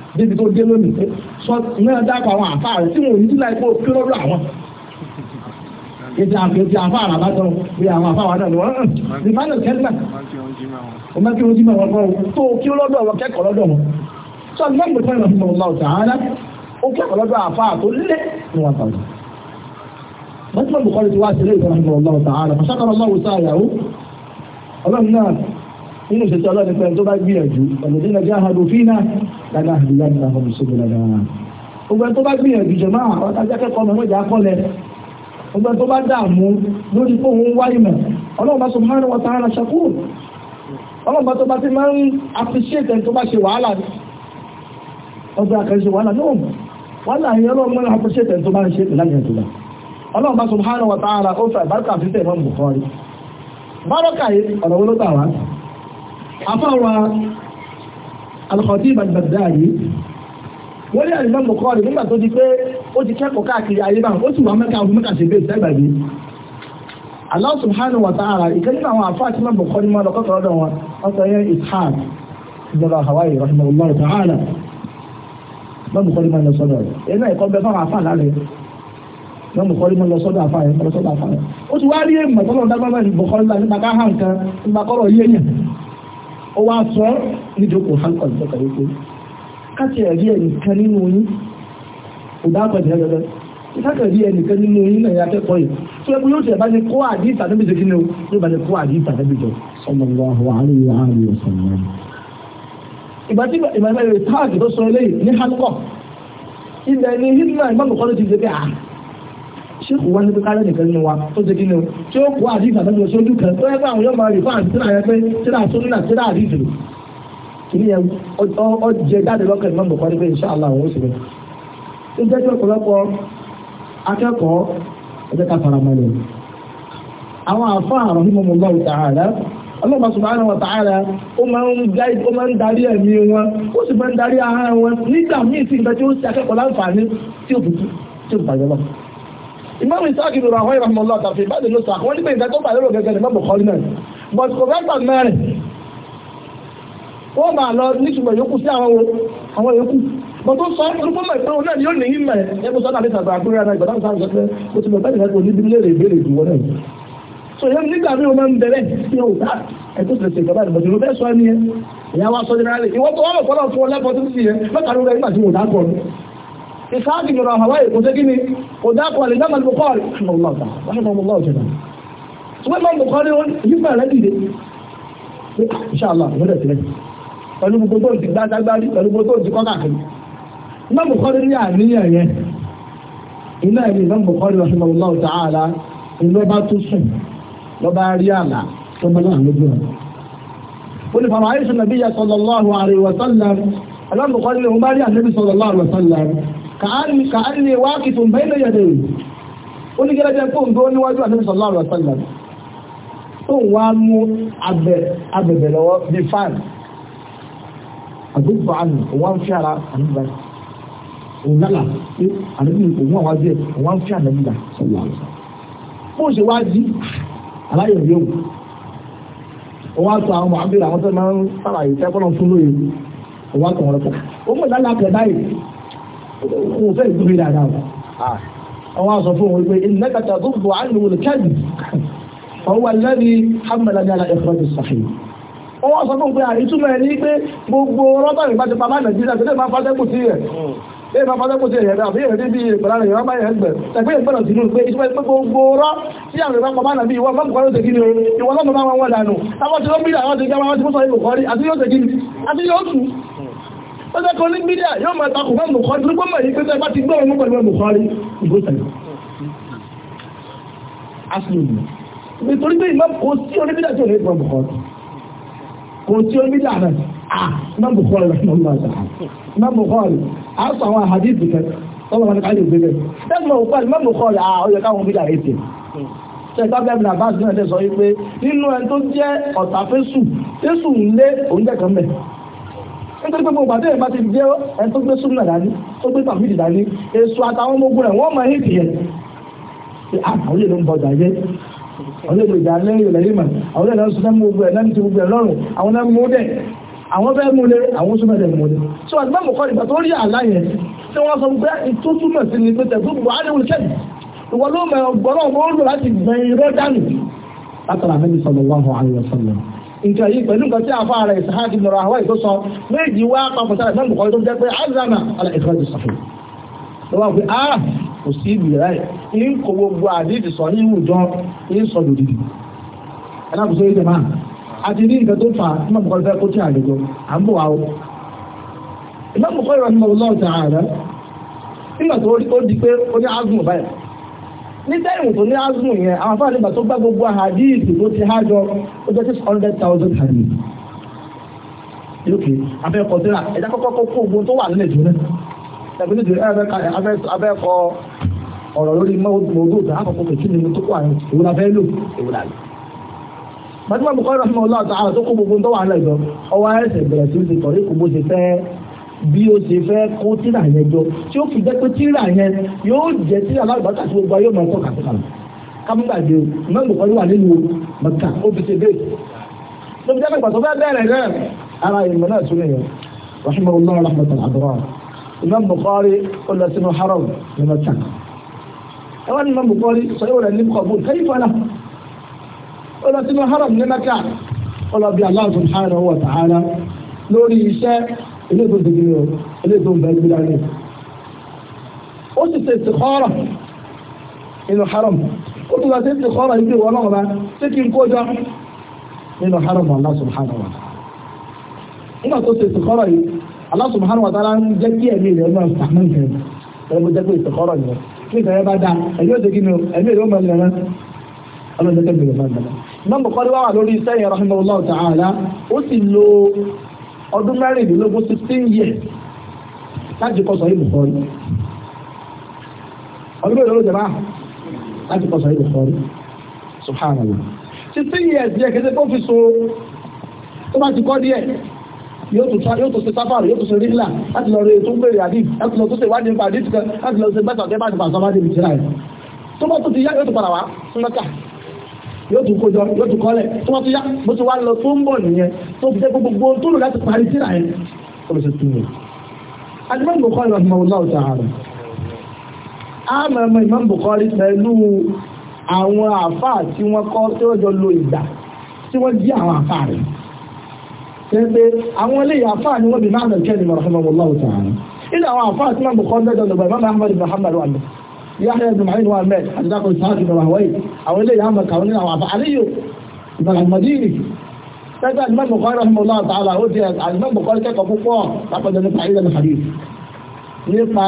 [SPEAKER 1] débi tó dé lónìí pé sọ náà dákọ̀ àwọn àfáà rẹ̀ tí wọn ní sílá ipò kí lọ́dọ̀ àwọn. ètò àfáà rà látọ̀ bí àwọn àfáà wà náà ni ní fánà kẹ́tìmà. o máa kí wọn jí mẹ́wọ́n fún ọ tó kí lọ́dọ̀ wọn kẹ́kọ̀ọ́ lọ́dọ̀ wọn. sọ ní mẹ́gbẹ̀ẹ́ fún ìrọ̀lẹ́ ọ̀la ọ̀tà ara ó kẹ́kọ̀ọ́ lọ́dọ̀ àfáà tó lé ní wọn tàbí. mọ́tò nínú ìṣẹ́sí ọlọ́run pẹ̀lú tó bá gbìyànjú ọ̀nàdé na hàdù fínà lánàá àdúrà nígbà fún ìṣòro lánàá. tó bá gbìyànjú jẹ máa ọ̀tájá kẹ́kọ̀ọ́ mọ̀ mọ́jà kọ́lẹ̀ gbogbo tó bá dààmú lórí fóun wá ọlọ́run bá subhanahu wa ta'ala ṣakúrò ọlọ́run bá tó bá ti máa ń appreciate wala afáwa Al-Khatib Al-Baghdadi wọ́n ní àlùmọ́ mọ̀kọ́ rẹ̀ nígbà tó di pé ó ti kẹ́kọ̀ọ́ káàkiri ayé báwọn ó sì wà mẹ́ka ọdún mẹ́ka ṣe bẹ́ẹ̀ sẹ́gbàgbé Allah subhanahu wa ta'ala ìkẹ́ nínú àwọn àfáà tí wọ́n mọ̀kọ́ ní mọ́ lọ́kọ́ tọ́lọ́dọ̀ wọn wọ́n sọ yẹn ishaq ìjọba hawaii rahimahullah ta'ala wọ́n mọ̀kọ́ ní mọ́ lọ sọ́dọ̀ rẹ̀ ẹ̀yìn náà ìkọ́ bẹ fáwọn àfáà lálẹ́ wọ́n mọ̀kọ́ ní mọ́ lọ ó wá sọ nídòkò hankali sọ́kà wípé káṣí ẹ̀rí ẹnìkan nínú yín kò bá pẹ̀lú ẹgbẹ̀rẹ̀ ìsákẹ̀rí ẹnìkan nínú yín náà akẹ́kọ̀ọ́ yìí tí ẹkùn yóò tẹ̀ bá ní kó àdí ìtàdébì jẹ́ kínú yóò bá ní kó àdí ìtàdébì jọ sallallahu alaihi wa alihi wa sallam. ìgbà tí ìmọ̀ ìmọ̀ ìrẹ̀ táàgì tó sọ eléyìí ní hankọ̀ ilẹ̀ ní hídínà ìmọ̀ ṣéèkù wá níbi kálẹ̀ nìkan nínú wa tó ṣe kí ni o tí ó kó àdìs àtọ́jú sójú kan tó yẹ pé àwọn yóò máa rí fáàǹtì tíra yẹn pé tíra sónúnà tíra àdìs rò kìí yẹn ọ jẹ jáde lọ́kàn ìmọ̀ bùkọ́rí pé insha Allah àwọn oṣù rẹ̀ tó jẹ́ ọ̀pọ̀lọpọ̀ akẹ́kọ̀ọ́ ẹ̀jẹ̀ ká fara mọ́ lẹ́yìn àwọn àfáà rahimahullahu ta'ala Allah subhanahu wa ta'ala ó máa ń gáìdì ó máa ń darí ẹ̀mí wọn ó sì máa ń darí ara wọn nígbà míì sí nǹkan tí ó ṣe akẹ́kọ̀ọ́ láǹfààní tí ò bùkú tí ò bàjẹ́ lọ́wọ́ ìmáàmù ìsáàkì ìrora àwọn ìrànmọ́lá àtàfẹ́ ìbáde ló sàkọ́ wọ́n ní pé ìdájọ́ bàlérò gẹ́gẹ́ lẹ́mọ́ bùkọ́rí náà but kò rẹ́gbà mẹ́rin wọ́n máa lọ nítumọ̀ yòókù sí àwọn àwọn yòókù but ó sọ orúkọ mọ̀ ìpínlẹ̀ náà ni ó nìyí mẹ́ ẹgbẹ́ sọ́nà àti sàgbà àgbéra náà ìgbàdàn sáà sọ́pẹ́ ó ti mọ̀ bẹ́ẹ̀ nígbà tó ní bíbélé rè béèrè jù wọ́n náà so yẹn nígbà mi ò máa ń bẹ̀rẹ̀ sí ò dá ẹ̀tọ́ sì lè ṣe ìjọba ìbọ̀sí ló fẹ́ sọ ẹ́ nìyẹn ìyá wa sọ jẹ́nẹ́rálì ìwọ́n tó wọ́n mọ̀ fọ́lọ́ fún ọ lẹ́fọ́ tó sì yẹn mẹ́ta ló rẹ̀ nígbà tí mo dá kọ́ إسحاق بن راهويه وتجيني وذاك والإمام البخاري رحمه الله تعالى رحمه الله جميعا ثم الإمام البخاري يبقى إن شاء الله ولا تلاتي pẹ̀lú gbogbo tó ti gbá dágbárí pẹ̀lú gbogbo tó ti kọ́ káàkiri Imam Bukhari ní àníyàn yẹn iná ẹni Imam Bukhari rahimahullahu ta'ala ìlọ́ba tó sùn lọ́ba rí àlà tó bá náà lè wọ́n bá rí ka kàánì ne kì tó bẹ́ẹ̀ lẹ́yẹ̀ dẹ̀ ó ní gẹ́gẹ́ tó ń bẹ́ níwájú àti sọ̀lá ọ̀rọ̀ sọ̀lá tó ń wá mú abẹ̀bẹ̀ lọ́wọ́ bí fáàn àdúgbò àmì wọ́n fi ara àdúgbò òun lálà pé àdúgbò òun àwọn àjẹ wọ́n fi àdúgbò sọ̀lá ọ̀rọ̀ bó ṣe wá jí aláyọ̀ yóò wọ́n á tọ àwọn àbílẹ̀ àwọn tó máa ń sábà O tẹ́kọ̀ọ́ fún lóye wọ́n kò fẹ́ ìgbìmí dáadáa o ah. àwọn aṣọ fún wọn pé ìlẹ́kàtà ah, tó bọ̀ á lòun kẹ́lì ọwọ́ alẹ́bí hamaladala ẹ̀fọ́dù sàfihàn wọ́n wá sọ fún pé àìtúmọ̀ ẹni pé gbogbo rọ́bà ìgbà ti pamá nàìjíríà tẹ́lẹ̀ máa fàtẹ́kù sí rẹ̀ hmm. lè máa fàtẹ́kù sí rẹ̀ àbí èrè níbi ìpàdà rẹ̀ rọ́bà yẹn gbẹ̀ tẹ̀gbẹ́ ìgbọ́nà sínú pé ìtumọ̀ pé gbogbo rọ́ tí àwọn ìgbà pamá nàbí ìwọ fọ́nkù kọ́rọ́ tẹ̀gí ni ìwọ lọ́mọ máa wọn dànù àwọn tí ó bí àwọn tí ó bí àwọn tí sọ ìbò kọ́rí àti yóò tẹ̀gí àti yóò tù ó jẹ́ kó ní bídà yóò máa takò fún Bukhari tó gbọ́mọ̀ yìí pé tẹ́ bá ti gbọ́ òun pẹ̀lú Bukhari ìgbésẹ̀ asìlùmí nítorí pé ìmọ̀ kò sí oníbídà tí ò ní gbọ́ Bukhari kò sí oníbídà rẹ̀ ah Imam Bukhari rẹ̀ ló ń bá ta Imam Bukhari a sọ àwọn àhàdìsì kẹ tọ́wọ́ wọn káyọ̀ gbé bẹ́ẹ̀ tẹ́sán òkú àti Imam Bukhari ah ó yẹ káwọn bídà rẹ̀ tẹ̀ sẹ́gbà bẹ́ẹ̀ náà bá a ti náà tẹ̀ sọ yìí pé nínú ẹni tó jẹ́ ọ̀tà fésù fésù ń lé òun jẹ́ kan bẹ́ẹ̀ nítorí pé mo gbàdé ẹ̀ bá ti jẹ́ ẹ tó gbé súnmọ̀ dání tó gbé tàbídì dání èso àtàwọn ọmọ ogun rẹ̀ wọ́n mọ̀ hìtì ah, yẹn àwọn yẹn ló ń bọjà jẹ́ àwọn yẹn ló jà lẹ́yìn lẹ́yìn mà àwọn yẹn lọ sún mọ́ ogun ẹ̀ lẹ́nu ti gbogbo ẹ̀ lọ́rùn àwọn náà mú dẹ̀ àwọn fẹ́ mú lé àwọn súnmọ̀ dẹ̀ mú lé so àgbà mọ̀ kọ́ ìgbà tó rí àlá yẹn tí wọ́n sọ pé tó túmọ̀ sí ni pé tẹ̀ gbogbo àdéhùn kẹ́ẹ̀ ìwọ ló mọ̀ nǹkan yìí pẹ̀lú nǹkan tí àfa rẹ̀ ìsáhàkì nọ̀rọ̀ àwọn ètò sọ méjì wá papọ̀ sára ìmọ̀ ìbùkọ́ tó jẹ́ pé azama ala ìkọ́jú sọ̀fẹ̀ lọ́wọ́ pé a ah, kò sí ibi rẹ̀ ní kò gbogbo àdídì sọ ní ìwùjọ ní sọ lòdìdì alábùsọ yìí jẹ̀má àti ní nǹkan tó fà ìmọ̀ ìbùkọ́ fẹ́ kó tí àlejò à ń bọ̀ wá o ìmọ̀ ìbùkọ́ ìrọ̀ ní tẹ́lẹ̀ tó ní azùn yẹn àwọn afáàlì ìgbà tó gbá gbogbo hadith tó ti há jọ ó jẹ́ six hundred thousand hadith lókè abẹ́ẹ̀kọ́ síra ẹ̀dá kọ́kọ́ kó gbogbo tó wà nílẹ̀ jùlọ ẹ̀gbẹ́ nídìí abẹ́ẹ̀kọ́ ọ̀rọ̀ lórí mọ́gbọ́dọ̀ tó àkọ́kọ́ kò kí ni tó kọ́ àrùn òun la lò òun la lò. tó kó gbogbo tó wà nílẹ̀ bí ó ṣe fẹ́ kó tíra yẹn jọ tí ó fi jẹ́ pé tíra yẹn yóò jẹ́ tíra alágbàtà tí gbogbo ayé máa tọ́ka sí kàlà kámúgbàdé o ìmọ̀ ìgbòkọ́ ló wà nínú mẹ́ta ó fi ṣe bẹ́ẹ̀ ló fi jẹ́ pé ìgbà tó fẹ́ bẹ̀rẹ̀ náà ara ìmọ̀ náà tún nìyẹn rahimahu allah rahmatan adura imam bukhari ó lọ sínú haram ní mẹ́ta ẹ wá ní imam bukhari sọ yóò rẹ̀ ní kọ̀bù kẹ́yìfọ́lá ó lọ sínú haram ní mẹ́ta ó lọ bí allah subhanahu wa ta'ala lórí iṣẹ́ ilé tó ti gbìyànjú ilé tó ń bẹ gbé dání. ó sì ṣe istikhara inú haram ó tún bá ṣe istikhara ibi ìwọ náà bá ṣé kí n kó jọ inú haram Allah subhanahu wa ta'ala. nígbà tó ṣe istikhara yìí Allah subhanahu wa ta'ala ń jẹ́ kí ẹ̀mí rẹ̀ máa sàmì kẹ́ ẹ̀rọ mo jẹ́ pé istikhara yìí nígbà yẹn bá dáa ẹ̀mí òde kí ni ẹ̀mí rẹ̀ ó máa lẹ̀ náà ọlọ́dún máa ń dáa. Imam Bukhari wà lórí sẹ́yìn rahimahullah ta'ala ó sì lo ọdún mẹ́rìndínlógún sixteen years láti kọ́ sọ̀rọ̀ ìbùkọ́ rí ọdún mẹ́rin ló jẹ̀bá láti kọ́ sọ̀rọ̀ ìbùkọ́ rí subhanallah sixteen years díẹ̀ kéde tó fi so tó bá ti kọ́ díẹ̀ yóò tún sá yóò tún ṣe sáfàrò yóò tún ṣe rílà láti lọ rí ètò gbèrè àdìf láti lọ tún ṣe ìwádìí nípa àdìf kan láti lọ ṣe bẹ́tà ọ̀gẹ́ bá ti bàtà bá débi tíra ẹ̀ tó bá tún ti yá yóò tún padà wá sí mẹ́ta yóò tún kójọ yóò tún kọ́lẹ̀ tí wọ́n tún yá bó ti wá lọ tó ń bọ̀ nìyẹn tó fi jẹ́ gbogbo tó lò láti parí síra yẹn ó lè ṣe tún lò. alimami Bukhari rahman allah ta'ala àmọ́ imam Bukhari pẹ̀lú àwọn àfáà tí wọ́n kọ́ tí wọ́n jọ lo ìgbà tí wọ́n jí àwọn àfáà rẹ̀ pẹ̀lú àwọn eléyìí àfáà ni wọ́n bí máa nà kẹ́ni rahman allah ta'ala ilé àwọn àfáà tí wọ́n Bukhari dẹ́jọ́ lọ́gbà imam ahmed muhammad yahya ibn ma'in wa mẹ́ẹ̀ àdìdákọ̀ ìsáàkì ibn rahway àwọn ilé yàmà kàwọn nínú àwọn àfààríyò ibn al-madini tẹ́tà ìmọ̀ bukhari rahimahullah ta'ala ó di àìmọ̀ bukhari kẹ́kọ̀ọ́ púpọ̀ lápẹ̀dẹ̀ nípa ilẹ̀ hadith nípa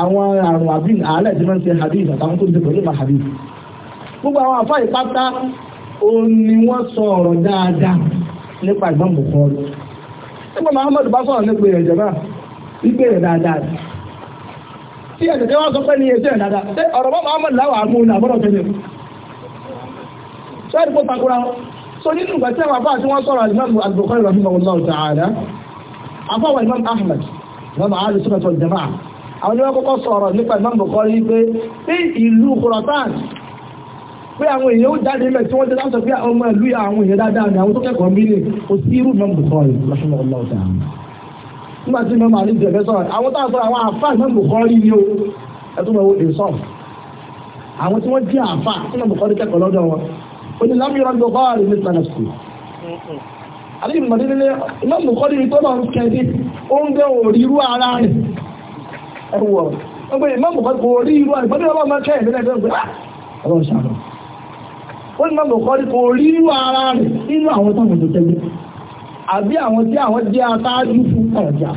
[SPEAKER 1] àwọn àrùn àbín àálẹ̀ tí wọ́n ti hadith àtàwọn tó ti pẹ̀lú ìmọ̀ hadith gbogbo àwọn àfá ìpátá ó ní wọ́n sọ ọ̀rọ̀ dáadáa nípa ìmọ̀ bukhari nípa muhammadu bá sọ̀rọ̀ nípa ìrẹ̀jẹ̀ náà wípé rẹ̀ dáadáa tí ẹ̀sẹ̀kẹ́ wá sọ pé ní ẹ̀sẹ̀ ẹ̀dàdà tí ọ̀rọ̀ bá máa mọ̀lá wà mú àbọ̀dọ̀ tẹ́lẹ̀ ṣe ẹ̀dùkú takura so nínú ìgbà tí àwọn afá àti wọ́n sọ̀rọ̀ alimami al-Bukhari rahimahullahu ta'ala afáwà imam Ahmad imam ali sunnat wal jama'a àwọn oníwọ́n kọ́kọ́ sọ̀rọ̀ nípa imam Bukhari pé pé ìlú Khurasan pé àwọn èèyàn ó jáde mẹ́ tí wọ́n ti láǹsọ̀ pé ọmọ ìlú àwọn èèyàn dáadáa ni àwọn tó kẹ́kọ̀ọ́ mílíọ̀n kò sí irú imam Bukhari rahimahullahu ta'ala nígbà tí mẹ́mọ́ àlè jẹ̀bẹ́ sọ̀rọ̀ àwọn tá a sọ̀rọ̀ àwọn àfà ìmọ̀ bùkọ́rí ni o ẹ tó mọ̀ ẹ̀ àwọn tí wọ́n jẹ́ àfà ìmọ̀ bùkọ́rí kẹ́kọ̀ọ́ lọ́dọ̀ wọn ó ní lámìíràn ń school. bùkọ́rí ní ìmọ̀ bùkọ́rí kò rí àbí àwọn tí àwọn jẹ́ atáájú fún ọ̀jà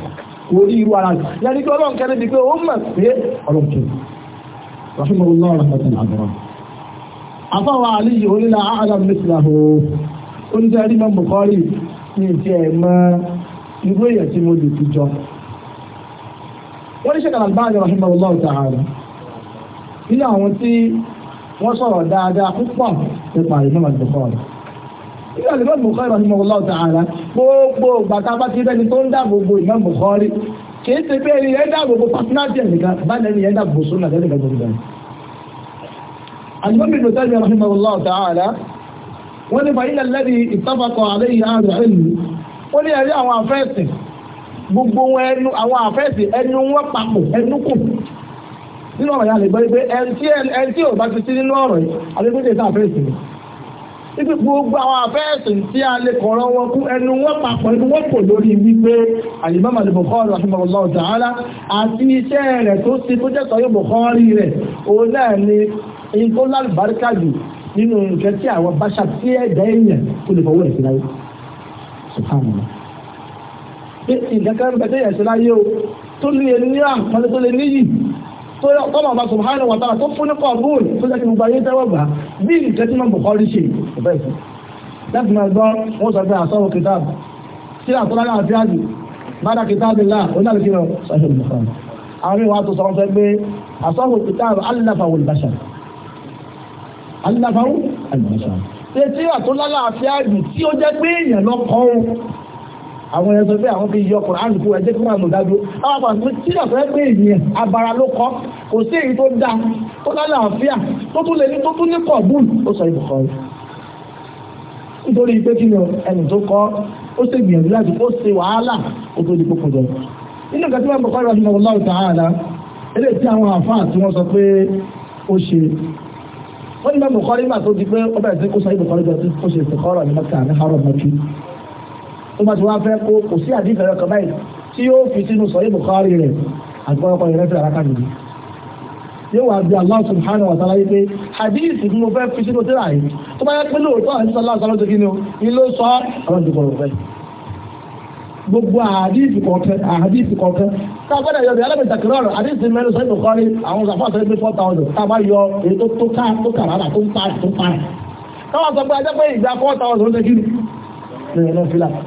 [SPEAKER 1] orí irú ara rẹ̀ yẹni pé ọlọ́run kẹ́rin di pé ó mọ̀ pé ọ̀rọ̀ kẹ́ rọ́ṣùmọ̀ ọlọ́run rẹ̀ àwọn tí wọ́n sọ̀rọ̀ dáadáa púpọ̀ nípa ìmọ̀ bùkọ́rì nígbà tí Imam Bukhari rahimahullah ta'ala gbogbo bàtà bá ti bẹ́ni tó ń dáàbò bo Imam Bukhari kìí ṣe pé ẹni yẹn dáàbò bo pàtínàtì ẹ̀nìkan báyìí ẹni yẹn dáàbò sóun àti ẹnìkan gbogbo ẹni. alimami ibn Taymiyyah rahimahullah ta'ala wọ́n ní fàyínà lẹ́ni ittafaqa alayhi àrùn ẹ̀mí wọ́n ní ẹ̀rí àwọn afẹ́ẹ̀sì gbogbo ẹnu àwọn afẹ́ẹ̀sì ẹnu wọn papọ̀ ẹnu kù níbi gbogbo àwọn àfẹ́ẹ̀sìn tí a lè kọ̀rọ̀ wọn kú ẹnu wọn papọ̀ nínú wọn pò lórí wípé àyíbámà lè bọ̀kọ́rì rahimahullah ta'ala àti iṣẹ́ rẹ̀ tó ṣe tó jẹ́ sọ́yọ́ bọ̀kọ́rì rẹ̀ òun náà ni in tó lálùbáríkà jù nínú nǹkan tí àwọn báṣà tí ẹ̀dá èèyàn tó lè fọwọ́ ẹ̀sìn láyé subhanallah pé ìdákẹ́rẹ́ bẹ́tẹ̀ ẹ̀sìn láyé o tó ní tọ́lọ̀ ọba subhanahu wa ta'ala tó fún ní kọ̀ọ̀bùn tó jẹ́ kí gbogbo ayé tẹ́wọ̀ gbà I nǹkan tí wọ́n bùkọ́ rí ṣe ọ̀bẹ́ ìfún láti máa gbọ́ wọ́n sọ pé àsọ̀rọ̀ kìtàb sí àtọ́lá náà fi àjù bádà kìtàb ńlá onílàlùkí lọ sọ́ṣọ́ ìbùkún àwọn ìwà tó sọ̀rọ̀ pé àsọ̀rọ̀ kìtàb aláfàwọ̀ ìbáṣà aláfàwọ̀ ìbáṣà àwọn ẹ̀sọ́ pé àwọn fi yọ kùránù tó ẹjẹ́ tó máa mọ̀ dájú àwọn àpàtàkì tí ìjọba pé ènìyàn abara ló kọ́ kò sí èyí tó dá tó lálàáfíà tó tún lè ní tó tún ní kọ̀ọ̀bùn ó sọ ibùkọ́ rẹ̀ nítorí pé kí ni ẹni tó kọ́ ó ṣe gbìyànjú láti ó ṣe wàhálà ó tó di kókò jọ nínú ìgbà tí wọ́n bọ̀ kọ́ra ọdún ọlọ́run tààlà eléyìí tí àwọn àfáà tí wọ́n sọ pé ó ṣe wọ́n ní bá bọ̀ tó di pé ó bẹ̀rẹ̀ kó sọ ibùkọ́ jọ sí kó ṣe ìsìnkọ́rọ̀ ní mọ́kà ní harrod mọ́kì tó bá ti wá fẹ́ kó kò sí àdífẹ́ rẹ̀ kan báyìí tí yóò fi sínú sọ̀rọ̀ Bukhari rẹ̀ àgbọ̀rọ̀kọ̀ ìrẹsì àràkà nìyí yóò wá bí Allah subhanahu wa ta'ala yìí pé hadith ni mo fẹ́ fi sínú tíra yìí tó bá yẹ pé lóòótọ́ àti sọlá sọlá tó kí ni o ni ló sọ ọ̀rọ̀ ìdìbò rẹ̀ fẹ́ gbogbo hadith kọ̀ọ̀kan hadith kọ̀ọ̀kan tá a gbọ́dọ̀ yọ bí alábẹ̀tà kìlọ̀ ọ̀rọ̀ hadith mẹ́rin sọ́yìn Bukhari àwọn sàfàṣẹ́ gbé four thousand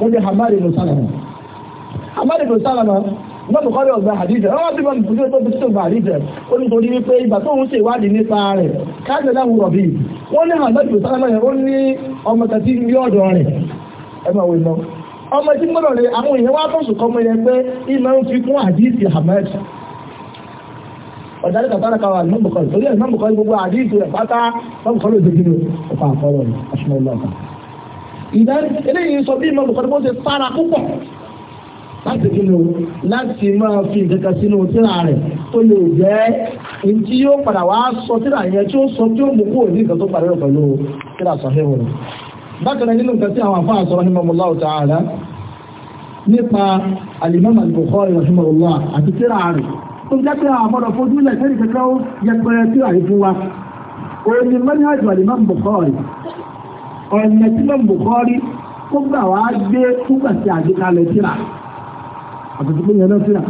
[SPEAKER 1] wọ́n ní hamari ló sálàmà hamari ló sálàmà wọ́n tó kọ́rọ̀ ọ̀gbà àdíjẹ̀ ọwọ́ tí wọ́n tó tó tó gbà àdíjẹ̀ ó ní torí wípé ìgbà tó ń ṣe ìwádìí nípa rẹ̀ káàkiri láwọn rọ̀bì wọ́n ní hamari ló sálàmà yẹn ó ní ọmọ tàbí ní ọ̀dọ̀ rẹ̀ ẹ máa wọ iná ọmọ tí mọ́rọ̀ rẹ̀ àwọn èèyàn wá tó sùn kọ́mọ yẹn pé ìmọ̀ ń fi kún àdíjì hamari ọ̀dárí tàbára kawà ní mọ̀kọ́ torí ẹ̀ mọ̀kọ́ gbogbo àdíjì rẹ̀ pátá mọ̀kọ́ ló dé gínú ọ̀pá àkọ́rọ̀ ọ̀ṣun ọlọ́ọ̀ta ìdárí eléyìí sọ bí ìmọ̀lù kọ́ni bó ṣe sára púpọ̀ láti kí ló láti máa fi ìkankan sínú tíra rẹ̀ tó lè jẹ́ ìdí yóò padà wá sọ tíra yẹn tí ó sọ tí ó mú kúrò ní ìkan tó parí rẹ̀ pẹ̀lú tíra sọ̀hẹ́ wọn. bákan náà nínú nǹkan tí àwọn afáà sọ̀rọ̀ nímọ̀ mọ́lá ọ̀tá ààrẹ nípa alimami al-Bukhari rahimahullah àti tíra rẹ̀ tó ń jẹ́ pé àwọn ọmọdé fojú ilẹ̀ sẹ́ni kankan yẹ pẹ́rẹ́ tíra ọ̀nà tí mọ̀ bùkọ́rí ó gbà wá gbé fúgbà sí àgbékalẹ̀ síra àgbẹ̀dùkú yẹn náà síra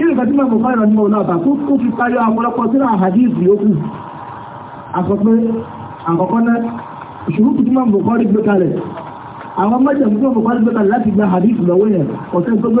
[SPEAKER 1] ilé ìgbà tí mọ̀ bùkọ́rí rẹ̀ ní ọ̀nà àbá tó kó fi tayọ àpọ̀lọpọ̀ síra àhàdíìsì yókù àsọ pé àkọ́kọ́ náà ìṣòro tí mọ̀ bùkọ́rí gbé kalẹ̀ àwọn mẹ́jọ tí mọ̀ bùkọ́rí gbé kalẹ̀ láti gba àhàdíìsì lọ́wọ́ yẹn ọ̀sẹ̀ tó gbé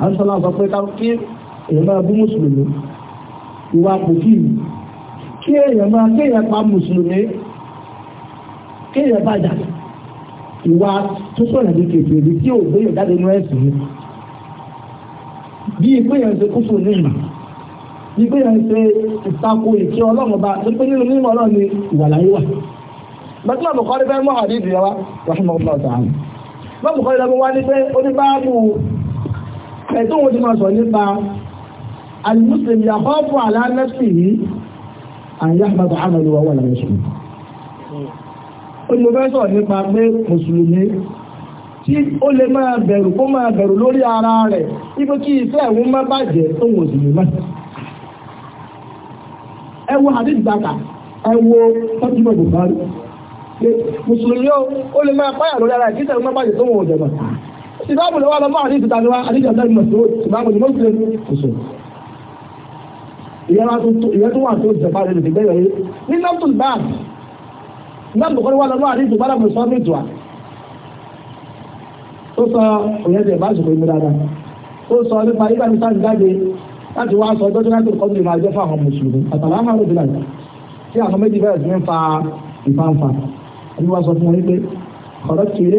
[SPEAKER 1] àṣọlá sọ pé kí èèyàn máa bú mùsùlùmí ìwà kò kí kí èèyàn máa kí èèyàn pa mùsùlùmí kí èèyàn bàjá ìwà tó sọ̀rọ̀ ní kèfè rí tí ò gbéyè jáde nú ẹ̀sìn ni bí ìgbéyàn ṣe kúfù ní ìmọ̀ bí ìgbéyàn ṣe ìtako ìkẹ́ ọlọ́run bá tó pé nínú mímọ́ ọlọ́run ni ìwà láyé wà bàtí wọn bùkọ́ rí bẹ́ẹ̀ mọ́ àdéhùn yẹn wá wàhálà ọ̀tá àwọn bàbùkọ́ rí bẹ́ẹ̀ wá ní pé oníbàámu ẹ̀tọ́ wọn ti máa sọ nípa alimuslim yà kọ́ fún alánẹ́sì yìí àyà àbàbà àmàlù wà wà lẹ́yìn sùn. ó ní mo fẹ́ sọ̀rọ̀ nípa pé mùsùlùmí tí ó lè máa bẹ̀rù kó máa bẹ̀rù lórí ara rẹ̀ ibi kí ìfẹ́ ẹ̀wọ̀n má bàjẹ́ tó wọ́n sì ìbáàbò lọ́wọ́ lọ́mọ́ àdéhùn tàbí wá àdéhùn tàbí mọ̀sùlùmí ìbáàbò ni mọ̀sùlùmí kò sọ. tó wà tó jẹ̀bá rẹ̀ lè gbẹ́yọ̀ yé ní nọ́ọ̀tún báàbù nọ́ọ̀tù kọ́ lọ́wọ́ lọ́mọ́ àdéhùn bá dàbò sọ́ọ́ méjì ó sọ òyìn tẹ̀ bá ìmú dáadáa ó sọ nípa nígbà tí sáà jáde láti wá sọ ọjọ́ láti kọ́ nílùú àjọ fáwọn mùsùlùmí àtàlà àwọn ọmọ ìbílẹ̀ tí àwọn méjì bẹ̀rẹ̀ sí ń fa ìfáǹfà. àbí wá sọ fún wọn wípé ọ̀rọ̀ kìí lé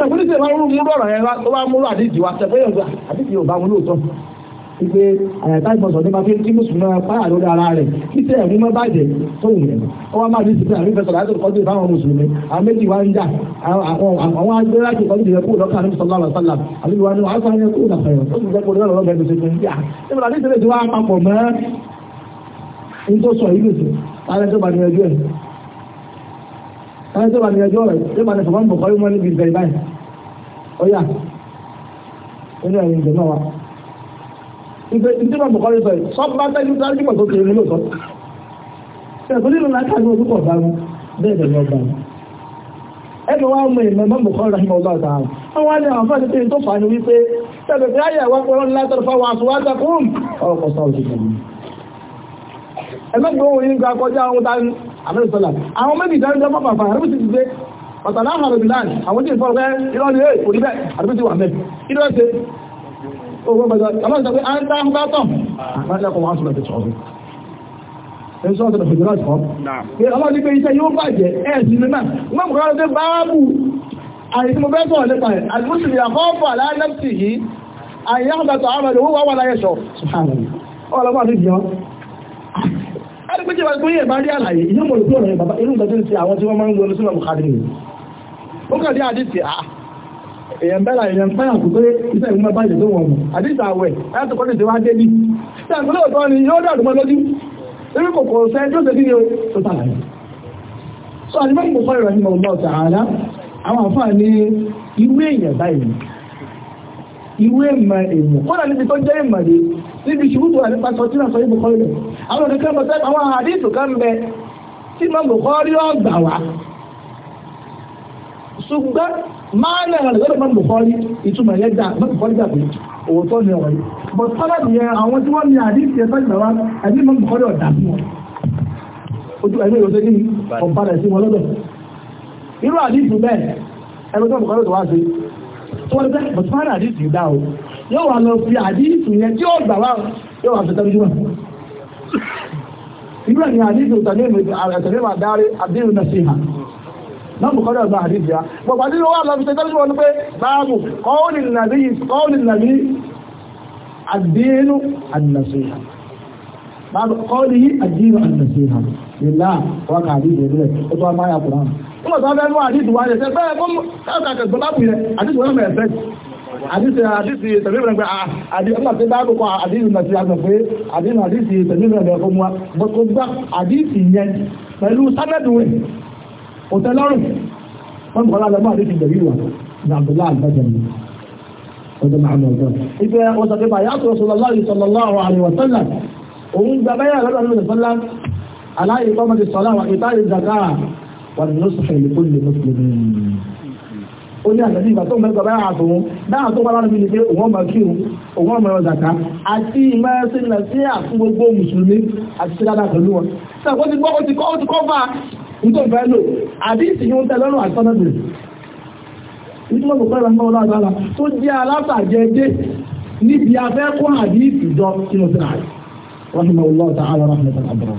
[SPEAKER 1] sẹ̀kúrísẹ̀ máa ń mú ọ̀rọ̀ yẹn tó bá múrò àdíjì wa sẹ̀kúrísẹ̀ gbà àdíjì ò bá wọn lóòótọ́ wípé àyàtá ìgbọ̀nsọ̀ nípa pé kí mùsùlùmí máa pààyà lórí ara rẹ̀ kí tẹ̀ ẹ̀mú máa bàjẹ́ tó wù yẹn ó wá máa ní sípé àmì fẹsọ̀ láti kọjú ìbáwọn mùsùlùmí àwọn méjì wá ń jà àwọn agbẹ́ láti kọjú ìyẹn kú lọ́kàn àmì sọ̀lá àlọ́sálà àbí wà ní wàásù àyẹn kú nàfẹ́ ó sì jẹ́ kó lọ́rọ̀ lọ́gbẹ̀ẹ́ tó ṣe fún yà nígbà tí ìṣẹ̀lẹ̀ ti wá papọ̀ mọ́ ẹni tó bá ní ẹjọ́ rẹ̀ tó bá ní ṣùgbọ́n bùkọ́ yóò mọ́ níbi ìbẹ̀rẹ̀ báyìí ó yà nínú ẹ̀yìn ìgbẹ̀ wa. ìgbẹ́ ìdí náà bùkọ́ yóò sọ yìí sọ bá tẹ́jú tó ájú pàtó kiri nílò nínú láti àgbẹ̀ orúkọ ọ̀gá mu bẹ́ẹ̀ bẹ̀rẹ̀ ọgbà mu. ẹni wá mọ ìmọ̀ ẹ̀mọ́ bùkọ́ rẹ̀ mọ́ ọgbà ọ̀gá wọn wá ní àwọn fún àtẹ̀tẹ̀ tó fà ní wípé tẹ̀bẹ̀ fi ayé àwọn akọ̀rọ̀ ńlá tọ̀rọ̀ fáwọn àtúwádà fún ọkọ̀ sáwọ́ ti tẹ̀lé. ẹ̀mẹ́gbẹ̀ òun yìí ń ga kọjá ohun dání àlọ́sọ̀lá àwọn méjì dáríjọ́ pàpàpà àrùbùsì ti gbé pàtàlá àhàrò bìláàni àwọn tí ìfọ́rọ̀ pé irọ́ ni èèkò níbẹ̀ àrùbùsì wà mẹ́ kí ló ṣe owó mẹ́jọ àlọ́sọ̀ pé a ń dáhùn bá tọ̀ àmàlẹ́kọ̀ọ́ wọn sọ̀rọ̀ ti sọ̀rọ̀ ẹni sọ́ọ̀tọ̀ lọ fìdí láti kọ́. pé ọlọ́run ní pé iṣẹ́ yóò bàjẹ́ ẹ̀sìn mi náà wọ́n mú kọ́ra pé báábù àìsí mo fẹ́ sọ̀rọ̀ nípa ẹ̀ àdúgbòsìlì àkọ́ọ̀fọ̀ aláàlẹ́sì yìí àyíyá àgbàtọ̀ àmàlẹ́ owó wà wà láyẹ̀ṣọ̀ arígbéjì wa gbóyè bá rí àlàyé inú mọ̀ ìgbó ọ̀rẹ́ bàbá inú ìgbàjọ́ ti àwọn tí wọ́n máa ń wọlé sínú ọmọkadì nìyí ó kàn dé àdìsí à ah, èèyàn bẹ́ẹ̀ èèyàn ń fáyà kúkúrú iṣẹ́ ìwé máa báyìí tó wọ̀n mọ̀ àdìsí àwẹ̀ láti kọ́ tètè wá dé bí ṣé àgbélé òtọ́ ni yóò dàrú mọ́ lójú lórí kòkò ṣe tó ṣe kíni o tó sàlàyé sọ àdìmọ́ kò fọ́ ìrọ̀lẹ́ mọ̀ lọ́ọ̀ tààlà àwọn àfáà ní ìwé èèyàn báyìí ìwé ìmọ̀ èèyàn kó níbi ṣubútu àlífàṣọ tí náà sọ ibùkọ́ rẹ̀ àwọn ọ̀nà kan bọ̀tẹ́ àwọn àdìsù kan bẹ tí máa bùkọ́ rí ọgbà wá ṣùgbọ́n máa ń rẹ̀ lọ́dọ̀ máa bùkọ́ rí ìtumọ̀ yẹn dà máa bùkọ́ rí dà pé òótọ́ ni ọ̀rọ̀ yìí bọ̀ sábà nìyẹn àwọn tí wọ́n ní àdìsù yẹn sọ́jà wá àbí máa bùkọ́ rí ọ̀dà fún wọn ojú ẹ̀mí ìrọ̀sẹ́ ní ọ̀padà sí wọn lọ́dọ̀ irú àdìsù bẹ́ẹ̀ ẹgbẹ́ tó bùkọ́ rí ọ̀dọ̀ wá sí tó wọ́n yóò wà lọ fi àdíìsù yẹn tí ó gbà wá yóò wà fẹ́tẹ́ lójúmọ̀ ìgbà ni àdíìsù tẹ̀lé mà dárí àdíìsù náà sí ha náà mú kọ́dọ̀ gba àdíìsù ya gbogbo àdíìsù wà lọ fi tẹ́tẹ́ lójúmọ̀ ní pé báàbù kọ́ọ̀lì nàbí kọ́ọ̀lì nàbí àdíìsù àdíìsù báàbù kọ́ọ̀lì àdíìsù àdíìsù ìlà wákà àdíìsù ìlú ẹ̀ ó tó wá máa yà kùrán. Wọ́n sọ fẹ́ àdìsí àdìsí tẹ̀lé ah, ìrìn pé àdìsí ọ̀nà tí báàbù kọ àdìsí ìrìn àti àgbà pé àdìsí àdìsí tẹ̀lé ìrìn àgbà fún wa gbogbo gbà àdìsí yẹn pẹ̀lú sánẹ́dù rẹ̀ òtẹ́lọ́rùn wọn kọ́ láti ọmọ àdìsí ìgbẹ̀rí wa ní àbúlá àgbàjẹ̀ mi ọjọ́ máa mọ̀ ọjọ́ ìfẹ́ ọ̀sọ̀ pé bàyá tó sallallahu alaihi wa sallam òun gba báyà lọ́dọ̀ lọ́dọ̀ sọ́lá aláìkọ́mọdé sọ́lá wa ìtàrí zakara wà ní lọ́sọ̀fẹ̀ ìlú kó lè mọ́sùlùmí ó ní àjọ nígbà tó ń bẹ́ẹ̀ gbọ́dọ̀ àtò òun dáhùn tó bá lánàá I pé òun ọmọ kí òun òun ọmọ ẹran zàká àti ìmọ̀ ẹsẹ̀ nílẹ̀ sí àfún gbogbo mùsùlùmí àti síládà pẹ̀lú wọn. sẹ́kọ̀ọ́ ti gbọ́ ó ti kọ́ ó ti kọ́ bá nítorí fẹ́ lò àdíìsì yóò tẹ lọ́rùn àtọ́nàdì nítorí ọ̀pọ̀ ẹ̀rọ ọmọ ọlọ́run àgbàlá tó jẹ́ alátàjẹ́dé níbi afẹ́kọ́ àdíìsì jọ sínú sílá rẹ̀ rahimahullah ta'ala rahimahullah ta'ala.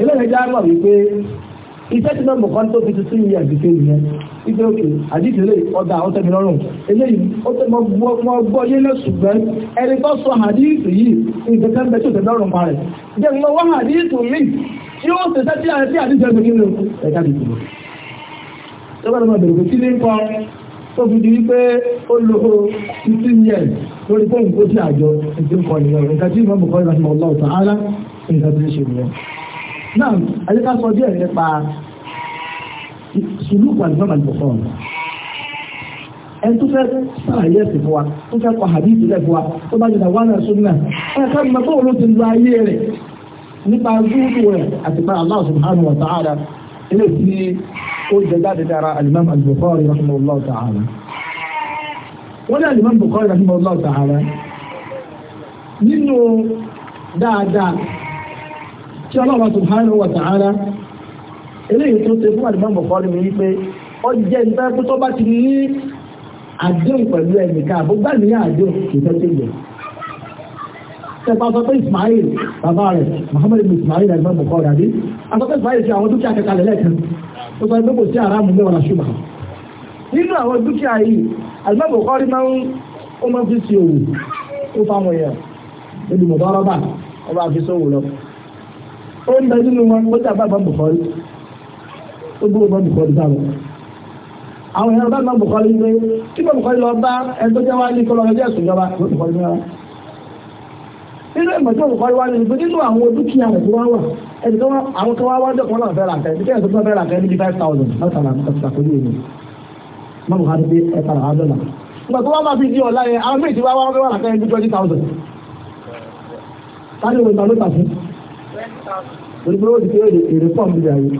[SPEAKER 1] eléyìí jẹ́ àgbà wípé iṣẹ́ tí mẹ́mọ̀ kan tó fi ti sínú yẹ àdìsẹ́ nìyẹn wípé òkè àdìsẹ́ lè ọ̀dà ọ̀tẹ̀mí lọ́rùn eléyìí ó tẹ́ mọ gbọ́ yé lé ṣùgbọ́n ẹni tó sọ àdìsẹ́ yìí nǹkan kan bẹ tó tẹ̀ lọ́rùn pa rẹ̀ jẹ́ mọ wá àdìsẹ́ mi tí ó ṣe sẹ́tí àti àdìsẹ́ mi nínú ẹ̀ka dìbò. tó bá lọ máa bẹ̀rẹ̀ pé kí ní kọ́ tó fi di wípé ó lo fifteen years lórí fóònù kó sí àjọ ìdínkọ̀ nìyẹn nǹkan tí mọ̀mọ̀ kọ́ náà àyíká sọ díẹ̀ nípa sùlù pàdé náà màlúù fún ọ ẹni tó fẹ́ sàlàyé ẹ̀sìn fún wa tó fẹ́ kọ hadith ilẹ̀ fún wa tó bá jẹ́ wà náà sunna ẹ̀ ká mọ̀ bọ́ọ̀ ló ti lu ayé rẹ̀ nípa zúúdù rẹ̀ àti pa Allah subhanahu wa ta'ala ilé tí ó jẹ jáde dára alimam al-Bukhari rahimahullah ta'ala wọ́n ní alimam Bukhari rahimahullah ta'ala nínú dáadáa tí ọlọ́run subhanahu wa ta'ala eléyìí tó ṣe fún àdìbọ́n bọ̀kọ́ ni mi wípé ó jẹ́ nípa pé tó bá ti ní àdéhùn pẹ̀lú ẹnìkan àbó bá ní àdéhùn kì í fẹ́ tẹ̀lé tẹ́pá sọ pé Ismail bàbá rẹ̀ Muhammad ibn Ismail ẹgbẹ́ bọ̀kọ́ rẹ̀ àbí asọ pé Ismail ṣe àwọn dúkìá kẹta lẹ́lẹ́kan tó sọ pé kò sí aráàmù mẹ́wàá la ṣùgbọ́n nínú àwọn dúkìá yìí àgbẹ̀bọ̀kọ́ rí máa ń ó máa fi ṣe òwò ó fáwọn èèyàn níbi mọ̀tọ́ ọlọ́bà ọba àfisọ́wò lọ ó ń bẹ nínú wọn ó jà bàbá bùkọ́rí ó gbé bàbá bùkọ́rí dáhùn àwọn èèyàn bá bàbá bùkọ́rí ń gbé kí bàbá bùkọ́rí lọ bá ẹni tó jẹ́ wá ní kọlọ́ ẹgbẹ́ ẹ̀sùn ìjọba ló bùkọ́rí ń rárá nínú ìmọ̀ tí bùkọ́rí wá ní ibi nínú àwọn dúkìá rẹ̀ tó wá wà ẹni tó àwọn tó wá wá jọ kan náà fẹ́ ràkẹ́ ibi kẹ́yìn tó fẹ́ ràkẹ́ níbi five thousand mọ́tàlá mọ́tàkùnrin èmi mọ́mù ká dé ẹ̀ka àádọ́là nígbà tó wá máa fi di ọ̀la yẹn àwọn méjì wá wá wá ràkẹ́ níbi twenty thousand. táyọ̀ ìgbà ló tà fún olùgbé ó ti pé èrè èrè pọ̀ níbi ayé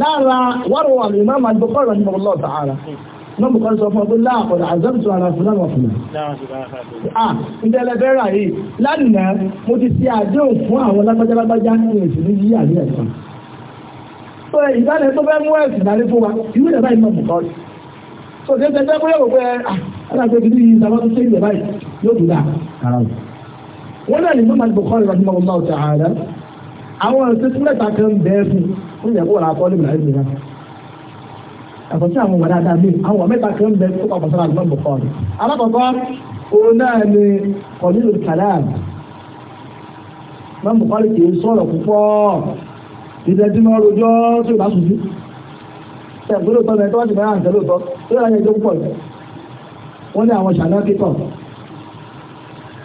[SPEAKER 1] lára wàrà wà ní máa máa gbọ́ kọ́rọ̀ ní ọlọ́ sàárà náà bùkọ́ sọ fún ọdún láàpọ̀lá àzọ́bùtù ara fún náà fún náà ìdẹ́lẹ̀ bẹ́rà yìí lánàá mo ti ṣe àdéhùn fún àwọn lágbájálágbájá ní èsì ní yíyà ní ẹ̀sán tó ẹ̀ ìdálẹ̀ tó fẹ́ mú ẹ̀sìn náà fún wa ìwé ìdẹ̀bá ìmọ̀ bùkọ́ tó ṣe ṣe fẹ́ bóyá òpé alágbé bí i ìdáwọ́ tó ṣe ìdẹ̀bá yóò dùn dáa wọ́n náà ní àwọn ìṣẹ́sí mẹ́ta kan bẹ́ẹ̀ fún un yẹ kó wọ́n akọ́ níbi láì nìyà àkọsí àwọn wàdà àdá mi àwọn mẹ́ta kan bẹ́ẹ̀ tó pàpọ̀ sára àgbọ̀n bọ̀kọ́ rẹ̀ alákọ̀ọ́kọ́ òun náà ni kọ̀mílù kàlàm mọ́ bọ̀kọ́ rẹ̀ kìí sọ̀rọ̀ púpọ̀ ìdẹ́jú náà rojọ́ tó ìbá sùn sí ṣẹ̀gbọ́n tó mẹ́tọ́ ti mẹ́ra àǹtẹ̀ lóòótọ́ tó yẹ láyé tó pọ̀ jù wọ́n ní àwọn ṣàná kíkọ̀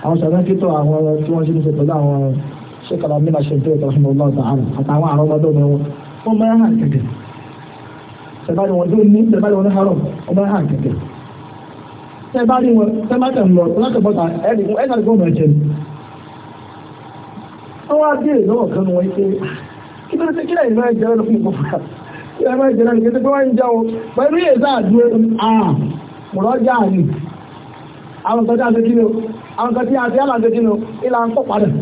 [SPEAKER 1] àwọn ṣàná kíkọ̀ àwọn tí wọ́n ṣe ní ṣe pẹ̀lú àwọn ṣéka lọ nígbà ṣe ìjọba ìtọ́sùn ọlọ́ ọ̀tàhánà àtàwọn àrọ́ ọmọdé ọmọ wọn wọ́n máa hàn kẹ̀kẹ́ ṣẹ̀bá ni wọ́n tó ní ṣẹ̀bá ni wọ́n ní harọ̀ wọ́n máa hàn kẹ̀kẹ́ ṣẹ̀bá ni wọ́n ṣẹ̀bá tẹ̀ ń lọ látọ̀bọ̀tà ẹ̀ẹ́dì ẹ̀ẹ́dì ẹ̀ẹ́dì ọmọ ẹ̀jẹ̀ ni. wọ́n wá bí èrè lọ́wọ́ kan wọ́n ṣe kí ló ṣe kí lẹ́yìn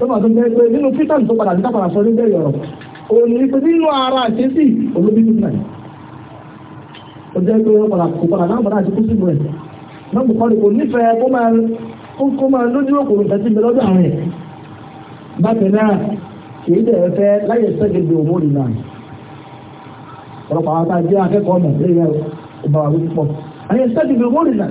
[SPEAKER 1] lọ́pàá tó jẹ́ pé nínú peter tó padà níta padà sọ ní bẹ́ẹ̀ yọ̀rọ̀ òun ní pé nínú ara àṣẹ́sì olóbi nígbà yìí ó jẹ́ pé wọ́n padà kó padà náà padà àti kó sínú ẹ̀ náà kò kọ́ni kò nífẹ̀ẹ́ kó máa kó máa lójú òkòrò ìfẹ́ sí mi lọ́dọ̀ àwọn ẹ̀ bákan náà kìí dẹ̀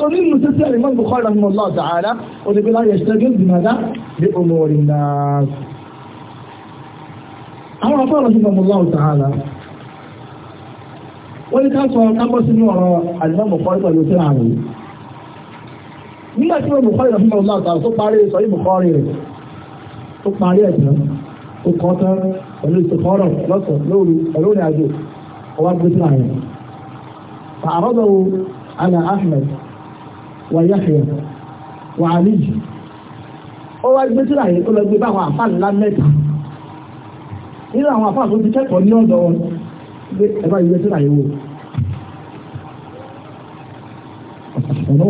[SPEAKER 1] so nínú tí tí àrìmọ́ Bukhari rahimahullah ta'ala ó ti fi láyé ṣẹ́gẹ́ ìdìmọ̀dá bí olórí náà àwọn afọ́ rahimahullah ta'ala wọ́n ní ká sọ kápọ́ sínú ọ̀rọ̀ àrìmọ́ Bukhari pẹ̀lú tí àrùn nígbà tí wọ́n Bukhari rahimahullah ta'ala tó parí sọ yìí Bukhari rẹ̀ tó parí ẹ̀sán ó kọ́ tán pẹ̀lú ìsìnkọ́rọ̀ lọ́sọ̀ lóru pẹ̀lú ìrìn àjò ọwá gbé sí àrùn فعرضه على أحمد wà Yahya wà Ali ó wá gbé sílà yìí ó lọ gbé báwọn àfáà ńlá mẹ́ta nínú àwọn àfáà tó ti kẹ́kọ̀ọ́ ní ọ̀dọ̀ wọn gbé ẹ̀bá ìwé sílà yìí wò ọ̀nà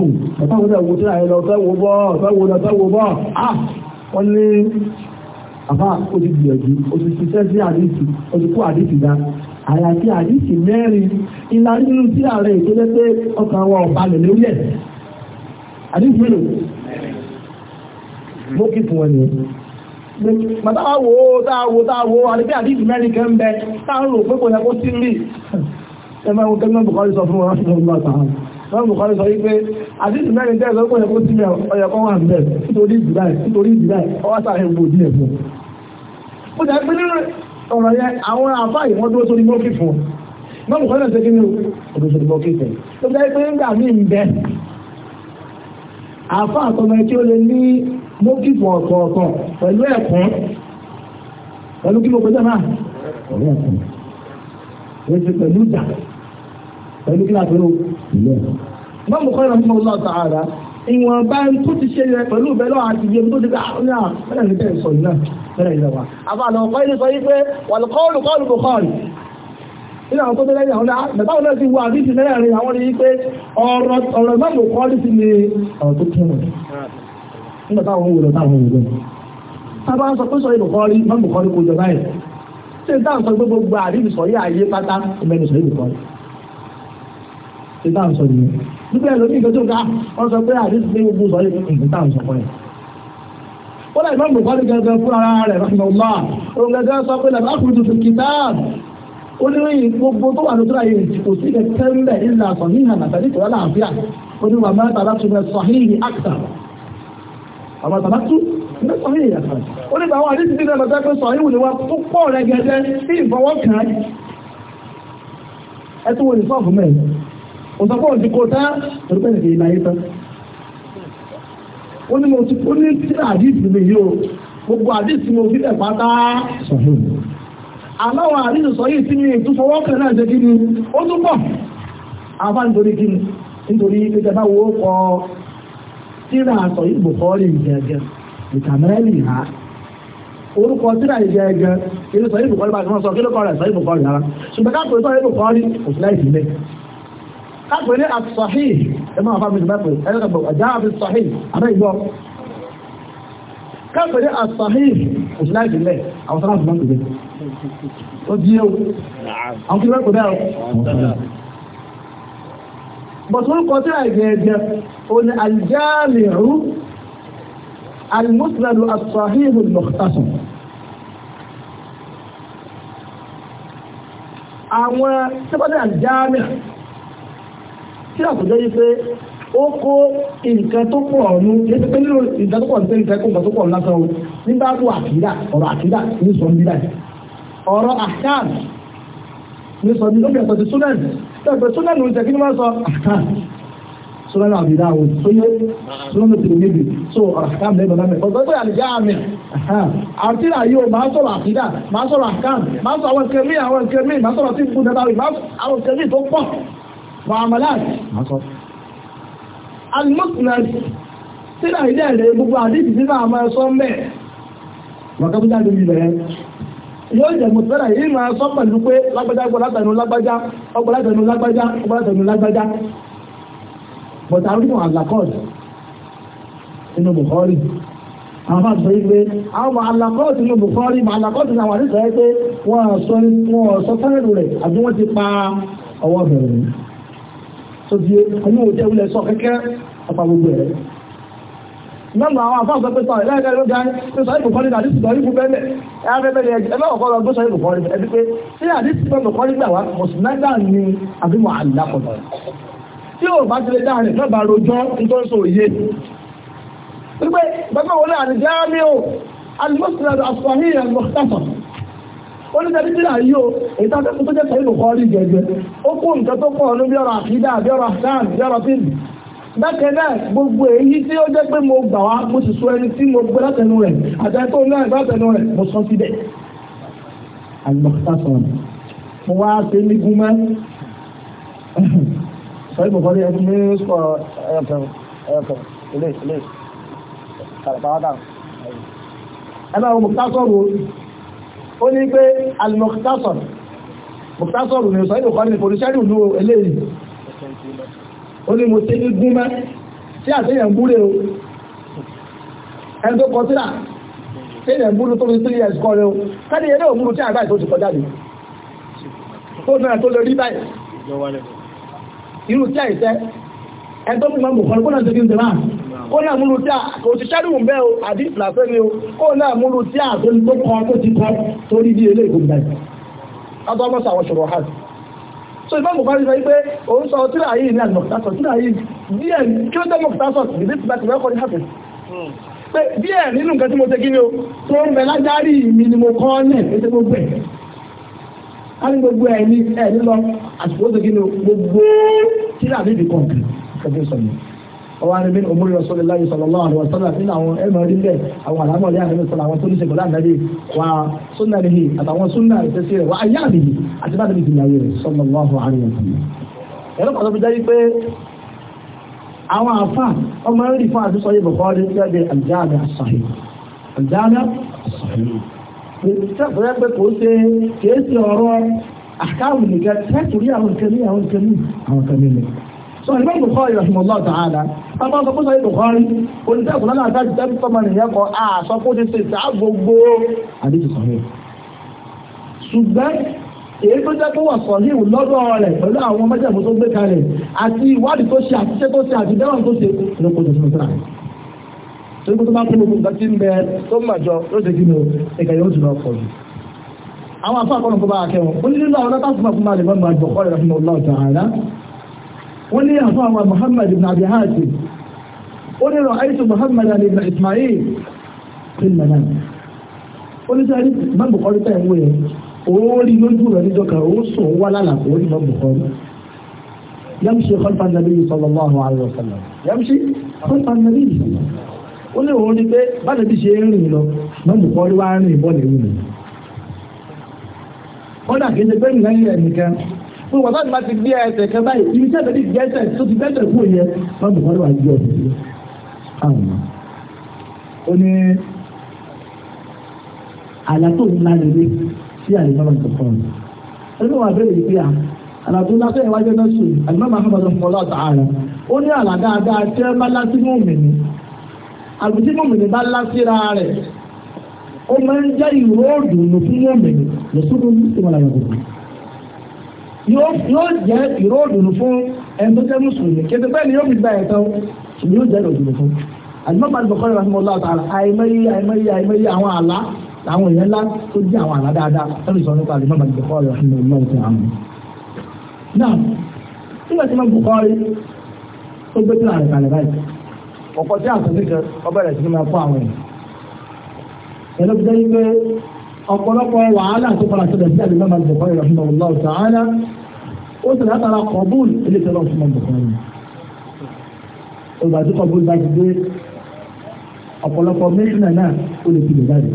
[SPEAKER 1] òun ẹ̀fà àdìsí mẹ́rin ìlànà nínú sílà rẹ̀ ìtọ́jẹ́ ọkàn wọn ọ̀balẹ̀ lórí ẹ̀ àdínkù rẹ̀ ló hmm. kí fún ẹni màtáwò táwò táwò àdínkù àdínkù mẹ́rin kẹ́ ń bẹ táwọn rò pé kò yẹ kó sí rí ẹmọ ẹwọ kẹ́mọ́ Bukhari sọ fún wọn láti lọ́gbà tààrà wọ́n Bukhari sọ wípé àdínkù mẹ́rin tẹ́ ẹ̀sọ́ kò yẹ kó sí mẹ́ ọyẹ kan wà bẹ́ẹ̀ nítorí ìdìbáì nítorí ìdìbáì ọwọ́ sáré gbò díẹ̀ fún ó jẹ́ pé nínú ọ̀rọ̀ yẹn àwọn àfáì wọ́n dúró sórí mọ́kì fún wọn Bukhari sọ kí ni ó dúró sórí mọ́kì fún ó jẹ́ pé nígbà míì ń bẹ́ẹ̀ àfa àtọmọ ẹ tí ó lè ní mókìtì ọ̀tọ̀ọ̀tọ̀ pẹ̀lú ẹ̀kún pẹ̀lú kí ló pẹ́jọ́ náà pẹ̀lú ẹ̀kún èsì pẹ̀lú ìjà pẹ̀lú kí láti ró ìlú ẹ̀kún. wọ́n mú kọ́ ìrànlọ́wọ́ ọlọ́ ta'ala ìwọ̀n bá ń tó ti ṣe rẹ̀ pẹ̀lú ìbẹ̀lọ́ àti ibi tó ti gbà ní àpẹẹrẹ ìtẹ̀ ìsọ̀ náà pẹ̀lẹ̀ ìrẹ̀wà. àbálọ̀ ọ̀pọ̀ ìrẹ̀sọ̀ yí pé wàlùkọ́ọ̀lù kọ́ọ̀lù kọ́ọ̀lù nínú àwọn tó tẹ́lẹ̀ ní àwọn mẹ́tàwọn náà ti wọ àdíjì mẹ́rẹ̀rin àwọn ní pé ọ̀rọ̀ ọ̀rọ̀ mẹ́lò kọ́ ní ti ní ọ̀rọ̀ tó kẹ́rọ̀ nígbà táwọn òwúrọ̀ táwọn òwúrọ̀ tábà ń sọ pé sọ ìlú kọ́ rí mẹ́lò kọ́ ní kojọ báyìí ṣe tá à ń sọ pé gbogbo àdíjì sọ yí àyè pátá mẹ́lò sọ ìlú kọ́ rí ṣe tá à ń sọ nìyẹn nígbà ẹ̀lọ́ ní ìgbẹ́jọ́ ká wọ́n sọ pé àdíjì pé gbogbo sọ yí ìgbẹ́ tá à ń sọ pọ̀ yẹn wọ́n lè oníròyìn gbogbo tó wà lóṣù láyé kò sí ilẹ̀ tẹ́lẹ̀ ilẹ̀ àtọ̀ ní ìhànà tàbí tọ́lá àfíà oníwà mẹ́ta láti rẹ̀ sọ̀hìn àkàtà àwọn àtàlátú ní sọ̀hìn àkàtà onígbà àwọn àdíjì nílẹ̀ lọ́jọ́ pé sọ̀hìn wù ní tó pọ̀ rẹ̀ sí ìfọwọ́kàn ẹ ní sọ́ọ̀fù mẹ́rin tá ìdè ìlà yìí tán ó ní mo ti ní tí mi yìí o gbogbo mo fi àláwọn àrídù sọ yìí tí ní ìtúfọwọ́kẹ̀ náà jẹ́ gíní ó tún pọ̀ àbá nítorí gíní nítorí ìjọba wo kọ tíra àsọ ìgbò kọ́ọ̀lì ìjẹ́gẹ́ ìtàmẹ́rẹ́lì ha orúkọ tíra ìjẹ́gẹ́ ilé sọ ìgbò kọ́ọ̀lì bá ti wọ́n sọ kí ló kọ́ rẹ̀ sọ ìgbò kọ́ọ̀lì rárá ṣùgbọ́n káàpọ̀ ìtọ́ ìgbò kọ́ọ̀lì kò sí láì sílẹ̀ káàpọ̀ ilé àti sọ̀hí ẹ máa fà mí ìgbà pé ẹ káfẹ̀rẹ́ àṣàhìn òṣìláìdìlẹ̀ àwọn sára àṣìlá ìgbẹ̀ ó jí ó àwọn kìí rẹ́kọ̀ọ́ dáa bọ̀t wọ́n kọ́ tí àìgbẹ̀ ẹ̀jẹ̀ ó ní aljáàmìrú almusnadu àṣàhìn olùmọ̀tàṣùn àwọn tí wọ́n ní aljáàmìrú tí àkùjọ́ yí pé ó kó nǹkan tó pọ̀ ọ̀nù yẹtí pé nínú nǹkan tó pọ̀ nípa nǹkan nǹkan tó pọ̀ lásán o nígbà tó àkídà ọ̀rọ̀ àkídà ní sọ nílẹ̀ ọ̀rọ̀ àkàn ní sọ nílẹ̀ ọ̀gbìn àtọ̀tí súnẹ̀nì tẹ̀gbẹ̀ súnẹ̀nì ń tẹ̀kí ní wọ́n sọ àkàn súnẹ̀nì àbídà o sóyè súnẹ̀nì tìrì níbi so ọ̀rọ̀ àkàn lẹ́nu lẹ́nu ọ̀gbẹ́ pé àlejò àmì àti àyè o máa sọ̀rọ̀ àkídà máa sọ̀rọ̀ àkàn máa sọ àwọn kẹmí àwọn kẹmí máa sọ̀rọ̀ tí ń kú dẹ́ta rí máa sọ tó pọ̀ mọ̀ àmàlà àti alimusunari sínú ilé ẹ̀rẹ́ gbogbo àdíjì sínú àmọ́ ẹ̀sọ́ mẹ́ wàkàbújá ló bí bẹ̀rẹ̀ yóò jẹ́ mùsùlùmí yìí máa sọ pẹ̀lú pé lágbájá gbọ́látẹ̀nu lágbájá ọgbọ́látẹ̀nu lágbájá ọgbọ́látẹ̀nu lágbájá bọ̀tà arúgbó àlàkọ́ọ̀dù inú Bukhari tó di ẹni òjẹ́ ilẹ̀ sọ kẹ́kẹ́ ọ̀pá gbogbo ẹ̀ mẹ́mọ̀ àwọn àfáà sọ pé sọ ẹ̀lẹ́gẹ́ ló dáa pé sọ ìbùkọ́ nígbà àdìsí sọ ìbùkọ́ ẹ̀mẹ́ ẹ̀rẹ́bẹ̀rẹ̀ ẹgbẹ́ ọ̀kọ́ lọ gbé sọ ìbùkọ́ rẹ̀ ẹbí pé tí àdìsí sọ ìbùkọ́ nígbà wá mọ̀sùmẹ́gà ni àbí mọ̀ àdìlákọ̀ọ́ tí ò bá ti lè dáa rẹ̀ mẹ́bàá rojọ́ nítorí sọ òye wípé wọlé àdìjá mi ò alìmọ́sùlẹ̀ àfọ̀hìn ẹ̀ ó ní tẹ́lí bíra yìí o èyí tàbí tó jẹ́ sẹ́yìn lùkọ́ rí gẹ̀gẹ́ ó kó nǹkan tó pọ̀ ní bí ọ̀rọ̀ àkídà bí ọ̀rọ̀ àkán bí ọ̀rọ̀ fíìmù bákan náà gbogbo èyí tí ó jẹ́ pé mo gbà wá mo sì sọ ẹni tí mo gbé látẹnu rẹ̀ àtẹ́tò náà látẹnu rẹ̀ mo sọ síbẹ̀ àgbàkútàsọ̀rọ̀ mo wá ṣe ní gúnmẹ́ sọ ìbùkọ́ ní ẹkùn ní sọ ẹ̀ẹ̀kọ̀ ẹ̀ẹ̀kọ̀ ilé ilé kàràpàwátà ẹ̀bá ó ní pé al-Mukhtasar Mukhtasar ní sọ ìlú kan ní polisiari ìlú eléyìí ó ní mo ti ní gúnmẹ́ tí àtẹ́yàn búrẹ́ o ẹni tó kọ sílà tí èyàn búrú tó fi three years kọ́ rẹ o kẹ́ni eré òmúrú tí àgbà ìtòsí kọjá ni tó náà tó lè rí báyìí irú tí àìsẹ́ ẹni tó mú mọ́ mú kọ́ kó náà múlù tí a ti ṣẹ́rù ń bẹ́ o àdíf làfẹ́ o kó náà múlù tí a tó ní tó kan tó ti kan torí bí ilé ìgbòmìnà yìí ọgbọ́n mọ́ sàwọn ṣòro hàn so ìbá mọ̀ bárí sọ pé òun sọ tíra yìí ní àgbọ̀tásọ̀ tíra yìí díẹ̀ kí kí o tó ń bẹ lájárí mi ni mo kọ́ ọ́nẹ̀ ètò gbogbo ẹ̀ á ní gbogbo ẹ̀ ní ẹ̀ nílọ àsìkò ó ṣe kí ni o gbogbo tíra mi bì ọwọ́ ni bí omúrí ọ̀sọ́lẹ̀ láyé sallallahu alaihi wasallam nínú àwọn ẹ̀mọ̀ rí bẹ́ẹ̀ àwọn àlámọ̀lẹ́ àdébí sọ̀rọ̀ àwọn tó ní ṣègbọ́n láàbí wa súnà nìyí àtàwọn súnà ìfẹ́sí rẹ̀ wa ayé àbìyí àti bá dẹ̀bí ìgbìyàwó rẹ̀ sallallahu alaihi wasallam. ẹ̀rọ kan tó fi jáde pé àwọn àfà ọmọ sọ ìgbà Bukhari rahimahullah ta'ala bàbá sọ fún sọyìn Bukhari olùdẹ́kùn náà àti àti tẹ́bí tọ́mọ nìyẹn kọ àṣọ kó ti ṣe sáà gbogbo àdéhùn sọ̀rọ̀ ṣùgbọ́n èyí tó jẹ́ tó wà sọ̀hìn lọ́dọ̀ rẹ̀ pẹ̀lú àwọn mẹ́jẹ̀mú tó gbé kalẹ̀ àti ìwádìí tó ṣe àtiṣe tó ṣe àti dẹ́wọ̀n tó ṣe lọ́pọ̀ tó ṣe tó kó tó bá kúrò gbogbo tí ń bẹ tó ń màjọ ló ṣe gínú ẹ̀ka yóò jùlọ pọ̀ jù àwọn afọ àkọ́nà kó bá akẹ́wọ̀n ó ní nínú àwọn látàkùnmá fún máa lè bá máa jọ kọ́ wọ́n ní àfọ́ àwọn Muhammad ibn Abi Hatim ó ní ra'aytu Muhammad ibn Ismail fil manam ó ní sáré má Bukhari tẹ̀ ń wé ó rí lójú rẹ̀ níjọ́ kan ó sùn wá lálàkó ó ní má Bukhari yamshi khalfa an-nabi sallallahu alaihi wasallam yamshi khalfa an-nabi ó ní òun ní pé bá fún wọn láti máa ti gbé ẹsẹ̀ kan báyìí ibi tí ẹ̀sẹ̀ ti gbé ẹsẹ̀ tó ti gbẹ́sẹ̀ fún ìyẹn wọn bùkọ́ lọ́wọ́ àjọ ọ̀sẹ̀ àwọn ó ní àlàtò ńlá lélẹ̀ sí àlùmọ́mọ́ ìtọ́kọ́rọ̀ ẹni wọn àbẹ̀rẹ̀ yìí pé à àlàtò ńlá sẹ́yìn wájú náà sùn àlùmọ́mọ́ àfọwọ́sọ fún ọlọ́ọ̀tà ààrẹ ó ní àlà dáadáa tẹ́ bá lásì mọ́mìnì àgùntí mọ́mìnì bá lásìra rẹ̀ ó máa ń yóò jẹ́ ìró òdùnnú fún ẹni tó jẹ́ mùsùlùmí kí ẹgbẹ́ ni yóò fi gba ẹ̀tọ́ ṣùgbọ́n yóò jẹ́ òdùnnú fún. àdìmọ́pá ti bọ̀kọ́ ìrànlọ́wọ́ ọlọ́wọ́ tààrà àìmọye àìmọye àìmọye àwọn àlá àwọn èèyàn ńlá tó jẹ́ àwọn àlá dáadáa lórí sọ nípa àdìmọ́pá ti bọ̀kọ́ ìrànlọ́wọ́ tààrà. náà nígbà tí wọ́n bọ̀kọ́ rí tó gbé tíra rẹ̀ kalẹ̀ báyìí ọ̀pọ̀ tí àtúntò kan ọbẹ̀ rẹ̀ sí ni máa kó àwọn èèyàn ọ̀pọ̀lọpọ̀ wàhálà tó padà ṣẹlẹ̀ sí àdìmọ́ máa bọ̀kọ́ ìrọ̀ fún ọ̀lá ọ̀tá ara ó sì látara kọ̀bùl ilé ìṣẹ̀lẹ̀ ọ̀fún ọ̀bọ̀kọ́ rẹ̀ ìgbà tí kọ̀bùl bá ti dé ọ̀pọ̀lọpọ̀ méjìlá náà ó lè fi lè jáde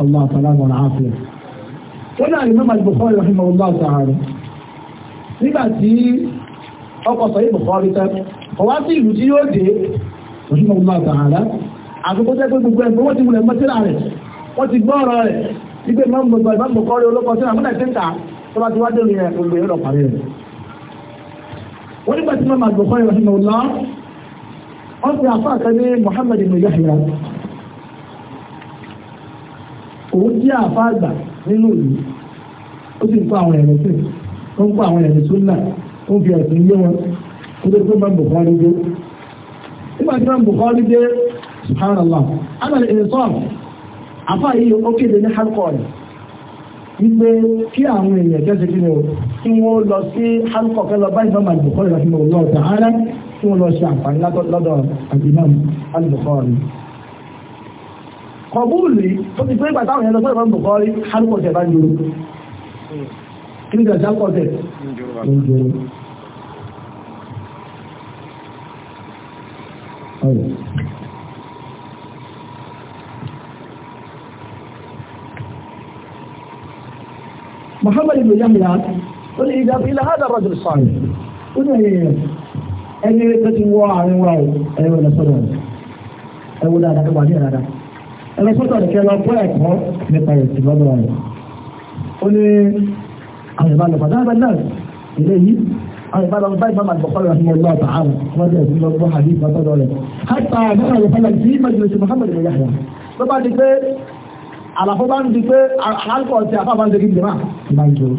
[SPEAKER 1] ọ̀lá ọ̀tá wọn àáfíà ó náà àdìmọ́ máa bọ̀kọ́ ìrọ̀ fún ọ̀lá ọ̀tá ara nígbà tí ọkọ̀ sọ ìbùkọ́ rí tẹ́ ọwá sí ìlú tí yóò dé òṣùmọ̀ ọ̀lá ọ̀tá àkókò tẹ́ pé gbogbo ẹ̀ nígbà máa ń gbogbo ìbá mọ̀ kọ́rí olóko sí àwọn ẹ̀sìn ta tó bá ti wá dèrò yẹn gbogbo yẹn lọ parí rẹ̀. wọ́n nígbà tí mọ́mọ́ àgbọ̀kọ́ yẹn lọ́sìn lọ́wọ́ wọ́n fi àfáà kan ní Muhammad ibn Yahya òun jẹ́ àfáà àgbà nínú ìlú ó sì ń kó àwọn ẹ̀rọ sí ó ń kó àwọn ẹ̀rọ súnà ó ń fi ẹ̀sìn yé wọn kó tó tó máa ń bùkọ́ nígbà tí wọ́n bùkọ́ nígbà subhanallah ana àfáàyí ó kéde ní halkọ̀ọ̀lù wípé kí àwọn èèyàn jẹ́sẹ̀ kí ni o kí wọ́n lọ sí halkọ̀ọ̀kẹ́ lọ bá ìbámu àlùbùkọ́rì láti mọ̀ lọ́wọ́ tàn án rẹ̀ kí wọ́n lọ ṣe àǹfààní lọ́dọ̀ àbínáà àlùbùkọ́rì. kọ̀bùlì tó ti pé ìgbà táwọn èèyàn lọ sọ́dọ̀ àlùbùkọ́rì halkọ̀ọ̀tẹ̀ bá ń dúró kí ni Muhammad ibn Yamla ó ní ìjà ilé hádà rọ́jò sọ̀rọ̀ ó ní ẹ̀yẹ ẹni tó ti wọ àárín wa o ẹ̀yẹ wọlé sọ́dọ̀ ẹ̀ wọlé àdá wà ní àdá ẹ̀rọ sọ́dọ̀ kẹ́ lọ bọ́ ẹ̀kọ́ nípa ẹ̀sìn lọ́dọ̀ rẹ̀ ó ní àwọn ìbálò padà bá náà ilé yìí àwọn ìbálò bá ìbámu àgbọ̀kọ́lẹ̀ rẹ̀ fún ọlọ́ọ̀tà àrùn wọ́n dẹ̀ fún lọ́gbọ́n àdìgbà sọ́dọ̀ rẹ̀ hátà àbúrò àyẹ̀fọ́lá sí mẹ́jọ àlàfo bá ń di pé àlùkò ti àfà bá ń degi jẹ̀má ìgbà ìjòrò.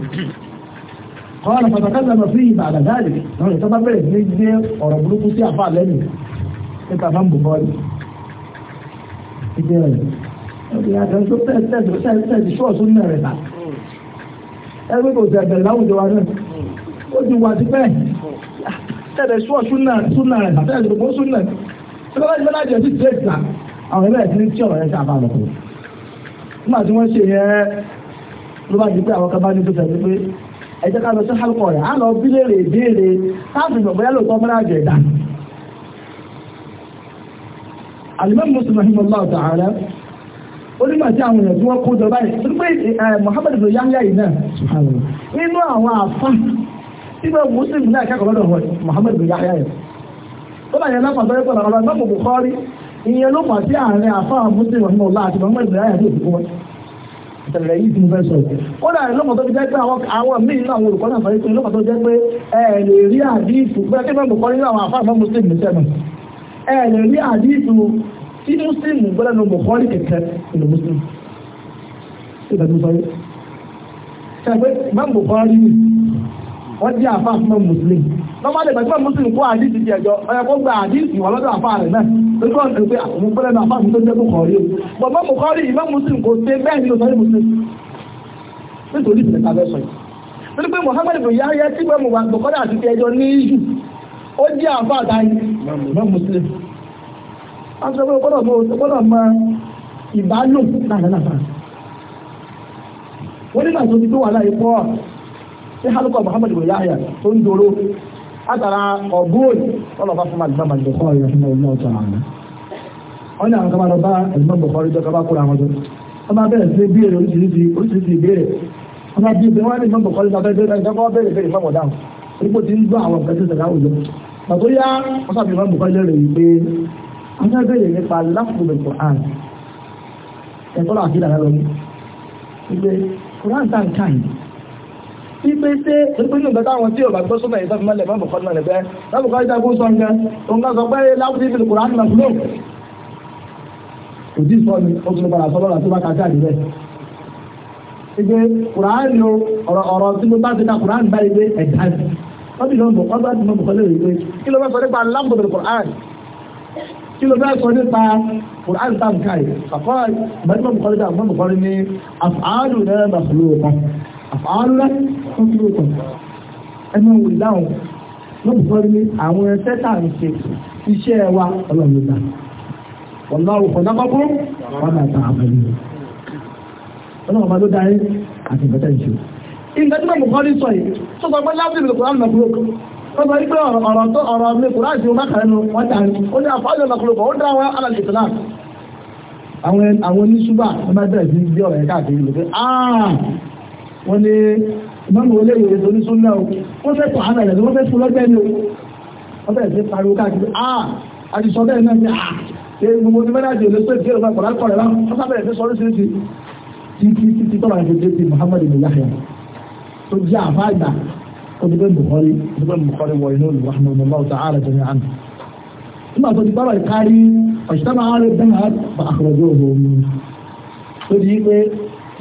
[SPEAKER 1] kọ́ọ̀lù pàtàkì lọ́nà sí ìgbà àdàdáàlì náà ìtọ́ bá bẹ̀rẹ̀ sí gbé ọ̀rọ̀ burúkú sí àfà lẹ́nu nípa bá ń bù bọ́ọ̀lù. ìgbé rẹ̀ ọ̀dì àtẹ̀sọ́ tẹ̀sí ṣọ́ọ̀ṣù ń rẹ̀ bá. ẹgbẹ́ kò tẹ̀ bẹ̀rẹ̀ láwùjọ wa náà ó ti wà sí bẹ́ẹ̀ tẹ̀lé ṣọ́ọ̀ṣù náà rẹ̀ bá tẹ̀lé ṣọ́ọ̀ṣù náà nígbà tí wọ́n ṣe yẹn ló bá di pé àwọn kan bá ní tó tẹ̀lé pé ẹ jẹ́ ká lọ sí hálùkọ̀ rẹ̀ á lọ bílèrè ìbéèrè láti mọ̀ bóyá lóòótọ́ mọ́ra àjẹ́ ìdá. alimami muslim rahimahullah ta'ala onígbà tí àwọn èèyàn tí wọ́n kó jọ báyìí tó Muhammad bin Yahya yìí náà nínú àwọn àfa tí wọ́n muslim náà ìyẹn ló mọ̀ sí àárín àfa àmúṣe ìwọ̀n náà láti mọ̀ mẹ́rin ìrìn àjò òkú wọn ìṣẹ̀lẹ̀ yìí ti fẹ́ ó dà lọ́mọ tó fi jẹ́ pé àwọn míì nínú àwọn olùkọ́ náà sọ pé lọ́mọ tó jẹ́ pé ẹ lè rí àdíìfù pé kí mẹ́rin kọ́ nínú àwọn muslim gbọ́dọ̀ kẹ̀kẹ́ wọ́n jẹ́ àfá àfúnmọ́ muslim lọ́mọdé ìgbàgbọ́ muslim kó àdíjì jẹ́ ẹjọ́ ọ̀yẹ́ gba wọ́n lọ́dọ̀ àfá rẹ̀ náà ah, tó kọ́ pé àwọn náà àfá tó rí o rí ìmọ̀ kò ṣe bẹ́ẹ̀ ni ó a sọ pé sí halukọ muhammad bin yahya tó ń dòró látara ọgbóòlì tọ́lọ̀ bá fún àgbà màjẹ̀ kọ́ ọ̀yọ́ fún ọ̀yọ́ ọ̀tọ̀ àwọn wọ́n ní àwọn kan máa lọ bá ẹ̀gbọ́n bọ̀kọ́rí jọ kaba kúrò àwọn jọ wọ́n máa bẹ̀rẹ̀ sí bíèrè oríṣiríṣi oríṣiríṣi ìbéèrè wọ́n máa bí ìbéèrè wọ́n ní ẹ̀gbọ́n bọ̀kọ́rí jọ bẹ́ẹ̀ kọ́ bẹ̀rẹ̀ bẹ̀rẹ̀ fún ọ̀dà ipò tí ń gbọ́ àwọn nǹkan tí Quran ẹ̀kọ́ làkìlà lọ́wọ́ wípé Quran tá ń pípé ṣe pípé ní ìbẹ́ta àwọn tí ò bá gbọ́ súnmọ̀ ìsọ́fí mọ́lẹ̀ mọ́ bùkọ́ náà lẹ́fẹ́ lọ́bùkọ́ ìjà kó sọ nǹkan òun kan sọ pé láwùjọ ìfìlì kùrán náà fúlò kò tí sọ ni ó tún padà sọ lọ́la tó bá kàtí àdìbẹ́ ìgbé kùrán ni ọ̀rọ̀ tí mo bá ti ka kùrán bá ìgbé ẹ̀dá wọ́n ti lọ bọ̀ wọ́n bá ti mọ bùkọ́ lè rí pé kí ló fẹ́ sọ nípa lámbùdùn kùrán kí àkọ́ ìgbàdúrà bùkọ́ lè dà ní àfààlù náà bàfúlù ọ̀kan àfààlá kọ́ńtúrọ̀tọ̀ ẹnu wò dáhùn lọ́pọ̀ ní àwọn ẹsẹ̀ tá à ń ṣe iṣẹ́ wa ọlọ́run dá ọ̀làwò kọ̀dákọ́kọ́ wọn àtà àbẹ̀lẹ̀ ọlọ́run bá ló dá yín àti ìbẹ̀tẹ̀ ìṣe. ìgbà tí mo kọ́ ní sọ yìí tó sọ pé láti ìbìlẹ̀ kúrò àmì wọ́n sọ wípé ọ̀rọ̀ tó ọ̀rọ̀ mi kúrò àti ọmọ kan nínú wọ́n dà ní ó ní àfọ́jọ́ ọ̀nàkùnrin kan ó dá wọn alàlẹ́ ìtìlá wọ́n ní mọ́mù olóyè ètò ní súnmọ́ o wọ́n fẹ́ kọ̀ hánà ìrẹ̀lẹ́ wọ́n fẹ́ fún lọ́gbẹ́ ni o wọ́n fẹ́ fi pariwo ah àti sọ bẹ́ẹ̀ náà ni ah ṣe gbogbo ní mẹ́rin àti olóṣèlú tí yorùbá kọ̀ọ̀lá kọ̀ọ̀lá wọ́n sábẹ̀rẹ̀ fi sọ oríṣiríṣi Muhammad ibn Yahya tó jẹ́ àfa àgbà odúgbò Bukhari odúgbò Bukhari ta'ala jẹ́ àná nígbà tó ti bọ́rọ̀ ìkárí ọ̀ṣítàmà àárẹ̀ bẹ́ẹ̀ àkọ̀rọ̀jọ́ di pé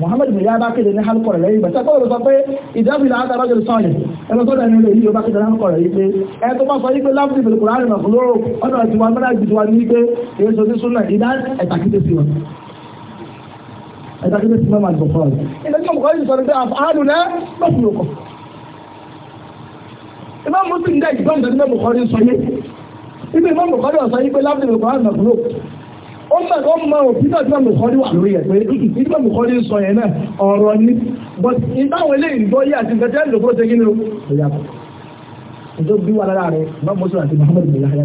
[SPEAKER 1] muhammad bin yaba kéde ní hálùkọ rẹ lẹ́yìn ìgbàsẹ kọlọ sọ pé ìjábí là ádá rọjò sọyìn ẹnu tó dẹni lè yí o bá kéde ní hálùkọ rẹ yìí pé ẹ tó bá sọ yí pé láti ìbẹ̀rẹ̀ kùrán rẹ̀ mọ̀kúló ọ̀nà ìtiwa mẹ́ta ìjìdíwa ní pé èyí sọ sí súnà ìdá ẹ̀tàkìtẹ̀ sí wọn ẹ̀tàkìtẹ̀ sí mẹ́mà ìbùkọ́ rẹ̀ ìdájọ́ mọ̀kọ́ yìí sọ sọ yé ibi imam mọ̀kọ́ rí yí pé láti ìbẹ̀rẹ̀ kùrán rẹ̀ mọ̀kúló ó sàgbọ́ mọ òfin náà tí wọ́n mùkọ́rí wà lórí ẹ̀ pé ìdí wọ́n mùkọ́rí sọ yẹn náà ọ̀rọ̀ ni but ìbáwọn ilé ìgbọ́ yìí àti nǹkan tẹ́lẹ̀ lóko ṣe gínú ìyàtọ̀ ìjọ bí wà lára rẹ̀ bá mọ́sùn àti Muhammad bin Yahya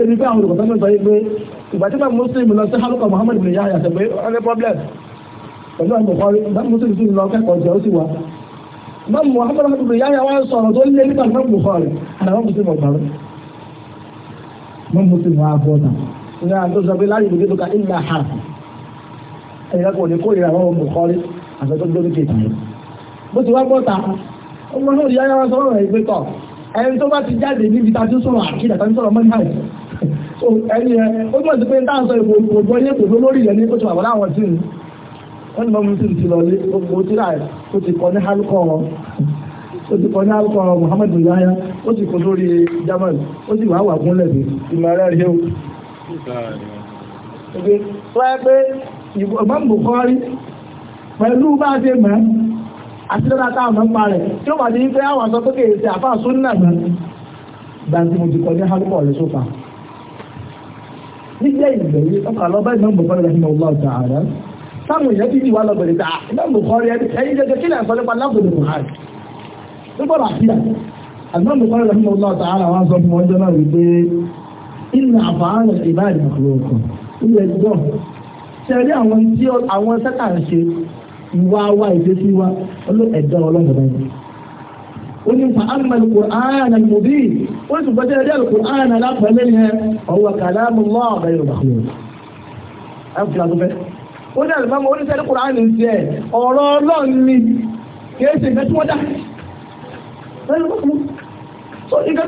[SPEAKER 1] ẹni pé àwọn olùkọ́sọ́ mẹ́sọ yìí pé ìgbà tí bá Muslim lọ sí Muhammad bin Yahya ṣe pé ọ̀rẹ́ problem pẹ̀lú àwọn mùkọ́rí bá Muslim sì lọ kẹ́kọ̀ọ́ jẹ́ ó sì wá bá ní àti sọ pé láyé ìdílé tó ka ìlà ha ẹ̀yìn kan kò ní kórìíra àwọn ọmọ kọ́rí àti tó gbóni kejì yìí. bó ti wá gbọ́ ta ọmọ náà yá yára sọ̀rọ̀ rẹ̀ pé tọ̀ ẹni tó bá ti jáde níbi tá a ti sọ̀rọ̀ àkídà tá a ti sọ̀rọ̀ mọ́ni náà ẹni ẹ ó mọ̀ sí pé ń dáhùn sọ ìbò òbọ̀ yé kò tó lórí rẹ̀ ní kó ti wà wọ́n láwọn tí wọ́n ní mọ́mú tí ti lọ lé gbogbo tí rà ó ti kọ́ ní hálùkọ́ wọn ó ti kọ́ ní hálùkọ́ wọn Muhammadu Yahya ó ti kọ́ lórí Jamal ó ti wà wà gúnlẹ̀ bí ìmọ̀ rẹ̀ rí Èdè wáyé pé Imam Bukhari pẹ̀lú bá ṣe mẹ́ àti lọ́nà táà mọ́ pa rẹ̀ tí ó wà ní pé àwọn sọ tókè èsì àfà súnnà mẹ́ gbàtí mo ti kọ ní hálùkọ̀ rẹ̀ sófà. Nígbẹ́ ìgbẹ̀ yìí, ọkà lọ bá Bukhari rahimah Allah ta'ala. Sáwọn èèyàn ti ti wá lọ bẹ̀rẹ̀ tà, ah, Imam Bukhari ẹni jẹjẹ kí Bukhari. Nígbọ́n àfíà, Imam Bukhari rahimah Allah ta'ala wá sọ fún ọjọ́ ìlú àfààrẹ ìbáàdì àkùrọ̀kọ̀ ilẹ̀ gbọ́ ṣẹlẹ̀ àwọn tí àwọn sẹ́tà ń ṣe ìwà wa ìdésí wa ọlọ́ ẹ̀dá ọlọ́mọdé ni ó ní fa amẹ́lì kùránà mùbí ó sì gbọ́dọ̀ ẹ̀dá kùránà lápẹ̀lẹ́ ni ọwọ́ kàlámù lọ́ ọ̀bẹ̀rẹ̀ ìbàkúrò ẹ̀ fúlà tó fẹ́ ó ní àlùfáà ó ní sẹ́lẹ̀ kùránà ń tiẹ̀ ọ̀rọ̀ ọlọ́run ni kì í ṣe ìfẹ́ tí wọ́n dá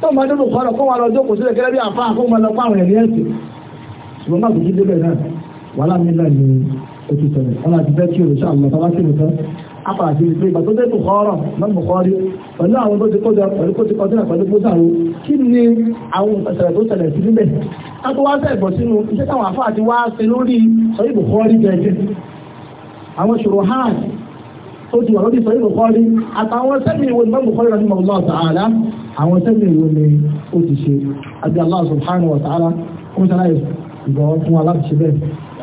[SPEAKER 1] tó máa dúdú kọ́ lọ kó wọn lọ jókòó sílẹ̀ gẹ́gẹ́ bí àfa kó wọn lọ fún àwọn ẹ̀rí ẹ̀sìn ṣùgbọ́n má bùjú débẹ̀ náà wàhálà mi náà ni o ti sọ̀rọ̀ ọ̀nà àti bẹ́ẹ̀ kí o lè ṣe àwọn ọ̀tá kí o tán apàrà sí ìpín ìgbà tó dé tó kọ́ọ̀rọ̀ náà mọ̀ kọ́ọ́rí pẹ̀lú àwọn tó ti kó قلت وردي صحيح بخاري حتى هو سمي والمن بخاري رحمه الله تعالى هو سمي والمن قلت شيء أبي الله سبحانه وتعالى قلت لا يفعل هو الله شبه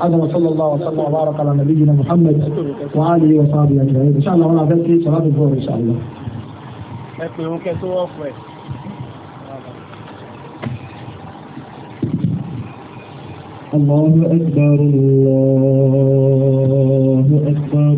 [SPEAKER 1] أدم صلى الله وسلم وبارك على نبينا محمد وآله وصحبه أجمعين إن شاء الله أنا أفعل صلاة الظهر إن شاء الله الله
[SPEAKER 2] أكبر الله أكبر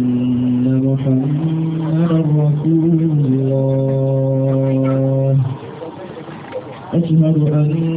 [SPEAKER 2] Muchas gracias.